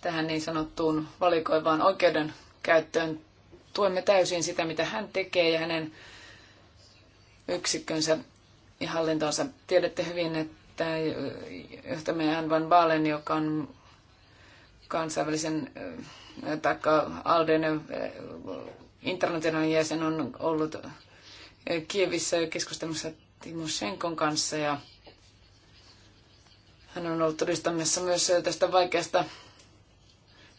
Speaker 3: tähän niin sanottuun valikoivaan oikeudenkäyttöön. Tuemme täysin sitä, mitä hän tekee ja hänen yksikkönsä ja hallintonsa. Tiedätte hyvin, että johtamme Anne Van Baalen, joka on kansainvälisen äh, taikka Alden äh, internetin jäsen, on ollut äh, Kievissä keskustelussa Timoshenkon kanssa ja hän on ollut todistamassa myös tästä vaikeasta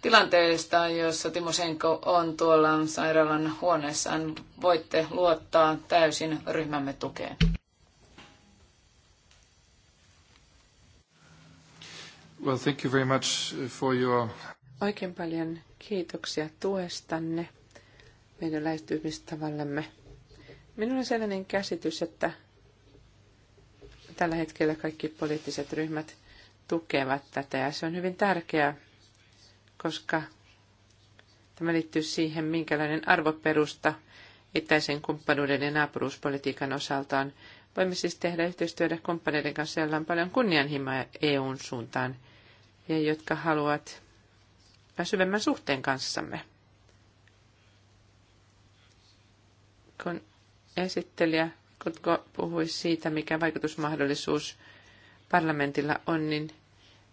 Speaker 3: tilanteesta, jossa Timo Senko on tuolla sairaalan huoneessaan. Voitte luottaa täysin ryhmämme tukeen.
Speaker 1: Well, thank you very much for your... Oikein paljon kiitoksia tuestanne meidän lähestymistavallemme. Minulla on sellainen käsitys, että tällä hetkellä kaikki poliittiset ryhmät tukevat tätä ja se on hyvin tärkeää koska tämä liittyy siihen, minkälainen arvoperusta itäisen kumppanuuden ja naapuruuspolitiikan osalta on. Voimme siis tehdä yhteistyötä kumppaneiden kanssa, joilla on paljon kunnianhimoa EUn suuntaan ja jotka haluavat syvemmän suhteen kanssamme. Kun esittelijä Kutko puhui siitä, mikä vaikutusmahdollisuus parlamentilla on, niin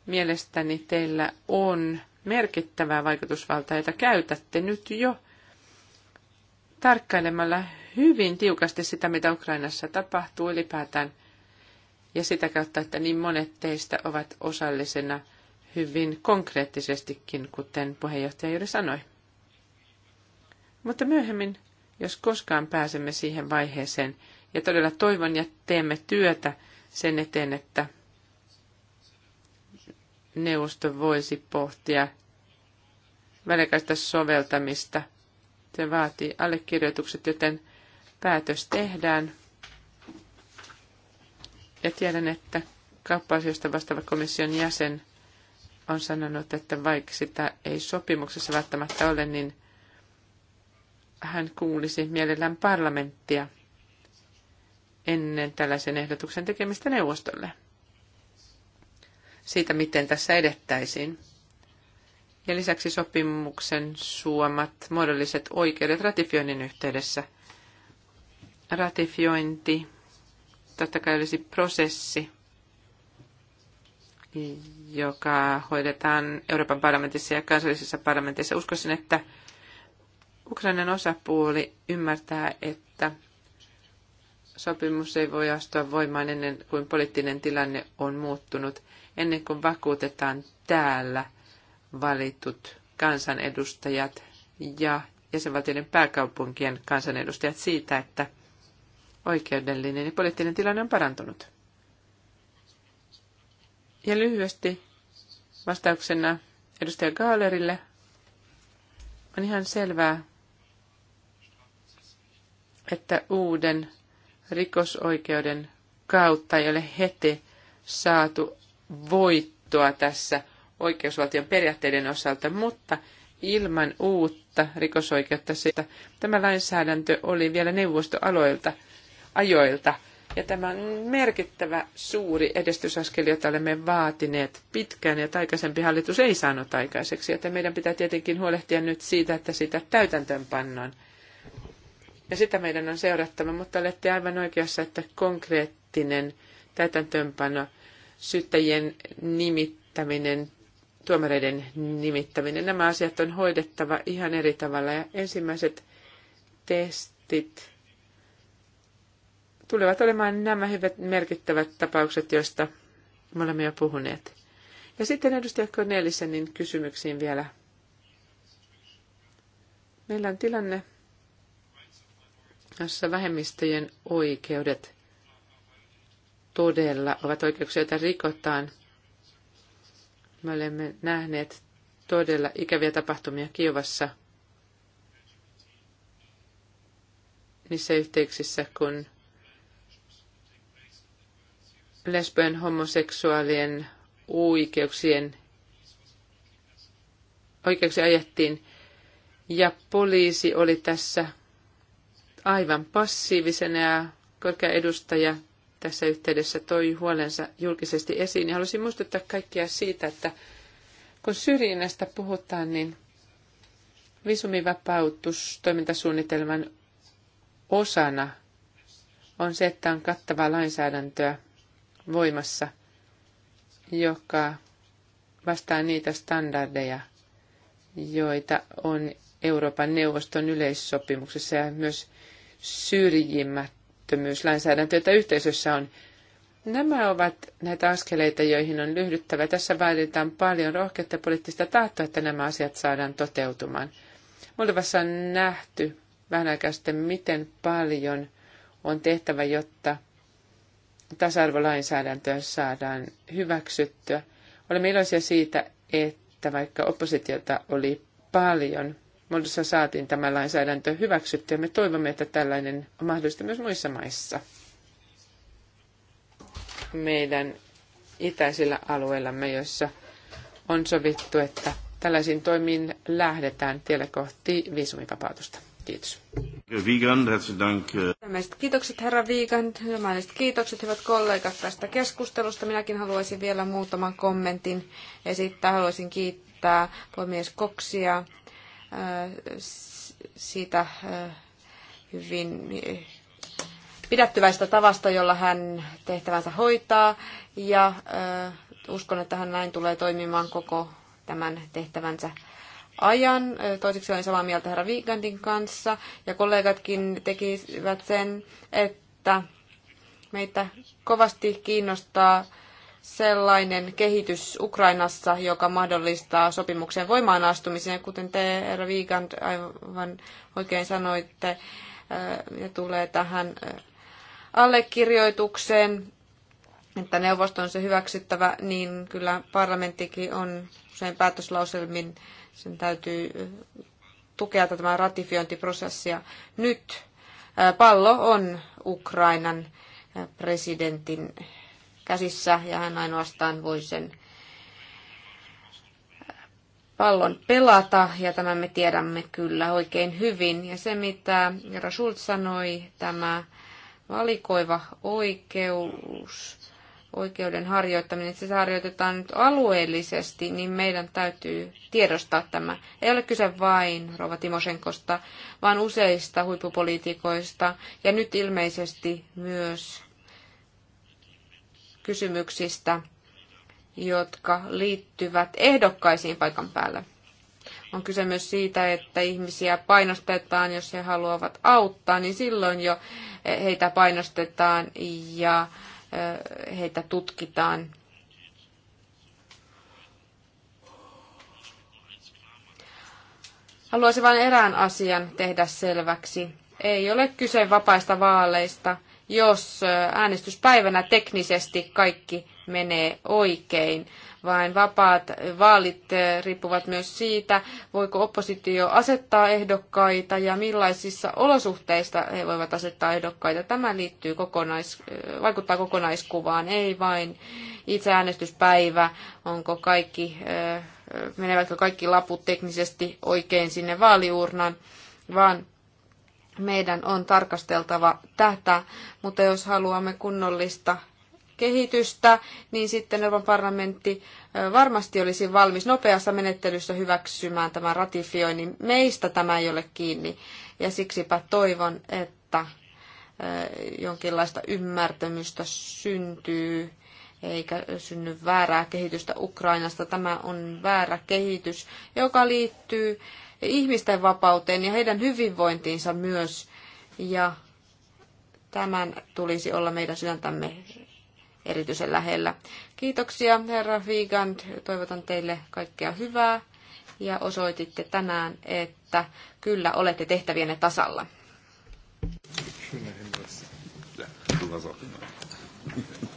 Speaker 1: mielestäni teillä on merkittävää vaikutusvaltaa, jota käytätte nyt jo tarkkailemalla hyvin tiukasti sitä, mitä Ukrainassa tapahtuu ylipäätään, ja sitä kautta, että niin monet teistä ovat osallisena hyvin konkreettisestikin, kuten puheenjohtaja juuri sanoi. Mutta myöhemmin, jos koskaan pääsemme siihen vaiheeseen, ja todella toivon ja teemme työtä sen eteen, että neuvosto voisi pohtia väliaikaista soveltamista. Se vaatii allekirjoitukset, joten päätös tehdään. Ja tiedän, että kauppa-asioista vastaava komission jäsen on sanonut, että vaikka sitä ei sopimuksessa välttämättä ole, niin hän kuulisi mielellään parlamenttia ennen tällaisen ehdotuksen tekemistä neuvostolle siitä, miten tässä edettäisiin. Ja lisäksi sopimuksen suomat muodolliset oikeudet ratifioinnin yhteydessä. Ratifiointi totta kai olisi prosessi, joka hoidetaan Euroopan parlamentissa ja kansallisissa parlamentissa. Uskoisin, että Ukrainan osapuoli ymmärtää, että sopimus ei voi astua voimaan ennen kuin poliittinen tilanne on muuttunut, ennen kuin vakuutetaan täällä valitut kansanedustajat ja jäsenvaltioiden pääkaupunkien kansanedustajat siitä, että oikeudellinen ja poliittinen tilanne on parantunut. Ja lyhyesti vastauksena edustaja Gaalerille on ihan selvää, että uuden rikosoikeuden kautta ei ole heti saatu voittoa tässä oikeusvaltion periaatteiden osalta, mutta ilman uutta rikosoikeutta sitä Tämä lainsäädäntö oli vielä neuvostoaloilta ajoilta. Ja tämä on merkittävä suuri edistysaskel, jota olemme vaatineet pitkään, ja aikaisempi hallitus ei saanut aikaiseksi. Joten meidän pitää tietenkin huolehtia nyt siitä, että sitä täytäntöön pannaan ja sitä meidän on seurattava, mutta olette aivan oikeassa, että konkreettinen täytäntöönpano, syyttäjien nimittäminen, tuomareiden nimittäminen, nämä asiat on hoidettava ihan eri tavalla. Ja ensimmäiset testit tulevat olemaan nämä hyvät merkittävät tapaukset, joista me olemme jo puhuneet. Ja sitten edustaja Cornelisenin kysymyksiin vielä. Meillä on tilanne, jossa vähemmistöjen oikeudet todella ovat oikeuksia, joita rikotaan. Me olemme nähneet todella ikäviä tapahtumia Kiovassa niissä yhteyksissä, kun lesbojen, homoseksuaalien oikeuksien oikeuksia ajettiin. Ja poliisi oli tässä aivan passiivisena ja korkea edustaja tässä yhteydessä toi huolensa julkisesti esiin. Ja haluaisin muistuttaa kaikkia siitä, että kun syrjinnästä puhutaan, niin visumivapautus toimintasuunnitelman osana on se, että on kattavaa lainsäädäntöä voimassa, joka vastaa niitä standardeja, joita on Euroopan neuvoston yleissopimuksessa ja myös syrjimättömyyslainsäädäntö, jota yhteisössä on. Nämä ovat näitä askeleita, joihin on lyhdyttävä. Tässä vaaditaan paljon rohkeutta poliittista tahtoa, että nämä asiat saadaan toteutumaan. Moldovassa on nähty vähän aikaa sitten, miten paljon on tehtävä, jotta tasa-arvolainsäädäntöä saadaan hyväksyttyä. Olemme iloisia siitä, että vaikka oppositiota oli paljon, muodossa saatiin tämä lainsäädäntö hyväksytty ja me toivomme, että tällainen on mahdollista myös muissa maissa. Meidän itäisillä alueillamme, joissa on sovittu, että tällaisiin toimiin
Speaker 2: lähdetään tielle kohti viisumivapautusta. Kiitos. Kiitokset herra Viigan, Ilmaiset kiitokset hyvät kollegat tästä keskustelusta. Minäkin haluaisin vielä muutaman kommentin esittää. Haluaisin kiittää puhemies Koksia siitä äh, hyvin äh, pidättyväistä tavasta, jolla hän tehtävänsä hoitaa. Ja äh, uskon, että hän näin tulee toimimaan koko tämän tehtävänsä ajan. Toiseksi olen samaa mieltä herra Vigandin kanssa ja kollegatkin tekivät sen, että meitä kovasti kiinnostaa sellainen kehitys Ukrainassa, joka mahdollistaa sopimuksen voimaan kuten te, herra Wiegand, aivan oikein sanoitte, ja tulee tähän allekirjoitukseen, että neuvosto on se hyväksyttävä, niin kyllä parlamenttikin on usein päätöslauselmin, sen täytyy tukea tätä ratifiointiprosessia. Nyt pallo on Ukrainan presidentin käsissä ja hän ainoastaan voi sen äh, pallon pelata, ja tämän me tiedämme kyllä oikein hyvin. Ja se, mitä Jara Schultz sanoi, tämä valikoiva oikeus, oikeuden harjoittaminen, että se harjoitetaan nyt alueellisesti, niin meidän täytyy tiedostaa tämä. Ei ole kyse vain Rova Timosenkosta, vaan useista huippupoliitikoista, ja nyt ilmeisesti myös kysymyksistä, jotka liittyvät ehdokkaisiin paikan päällä. On kyse myös siitä, että ihmisiä painostetaan, jos he haluavat auttaa, niin silloin jo heitä painostetaan ja heitä tutkitaan. Haluaisin vain erään asian tehdä selväksi. Ei ole kyse vapaista vaaleista – jos äänestyspäivänä teknisesti kaikki menee oikein, vaan vapaat vaalit riippuvat myös siitä, voiko oppositio asettaa ehdokkaita ja millaisissa olosuhteissa he voivat asettaa ehdokkaita. Tämä liittyy kokonais, vaikuttaa kokonaiskuvaan, ei vain itse äänestyspäivä, onko kaikki, menevätkö kaikki laput teknisesti oikein sinne vaaliurnan, vaan meidän on tarkasteltava tätä, mutta jos haluamme kunnollista kehitystä, niin sitten Euroopan parlamentti varmasti olisi valmis nopeassa menettelyssä hyväksymään tämän ratifioinnin. Meistä tämä ei ole kiinni ja siksipä toivon, että jonkinlaista ymmärtämystä syntyy eikä synny väärää kehitystä Ukrainasta. Tämä on väärä kehitys, joka liittyy ihmisten vapauteen ja heidän hyvinvointiinsa myös. Ja tämän tulisi olla meidän sydäntämme erityisen lähellä. Kiitoksia herra Vigand, toivotan teille kaikkea hyvää ja osoititte tänään, että kyllä olette tehtävienne tasalla.
Speaker 3: Schöne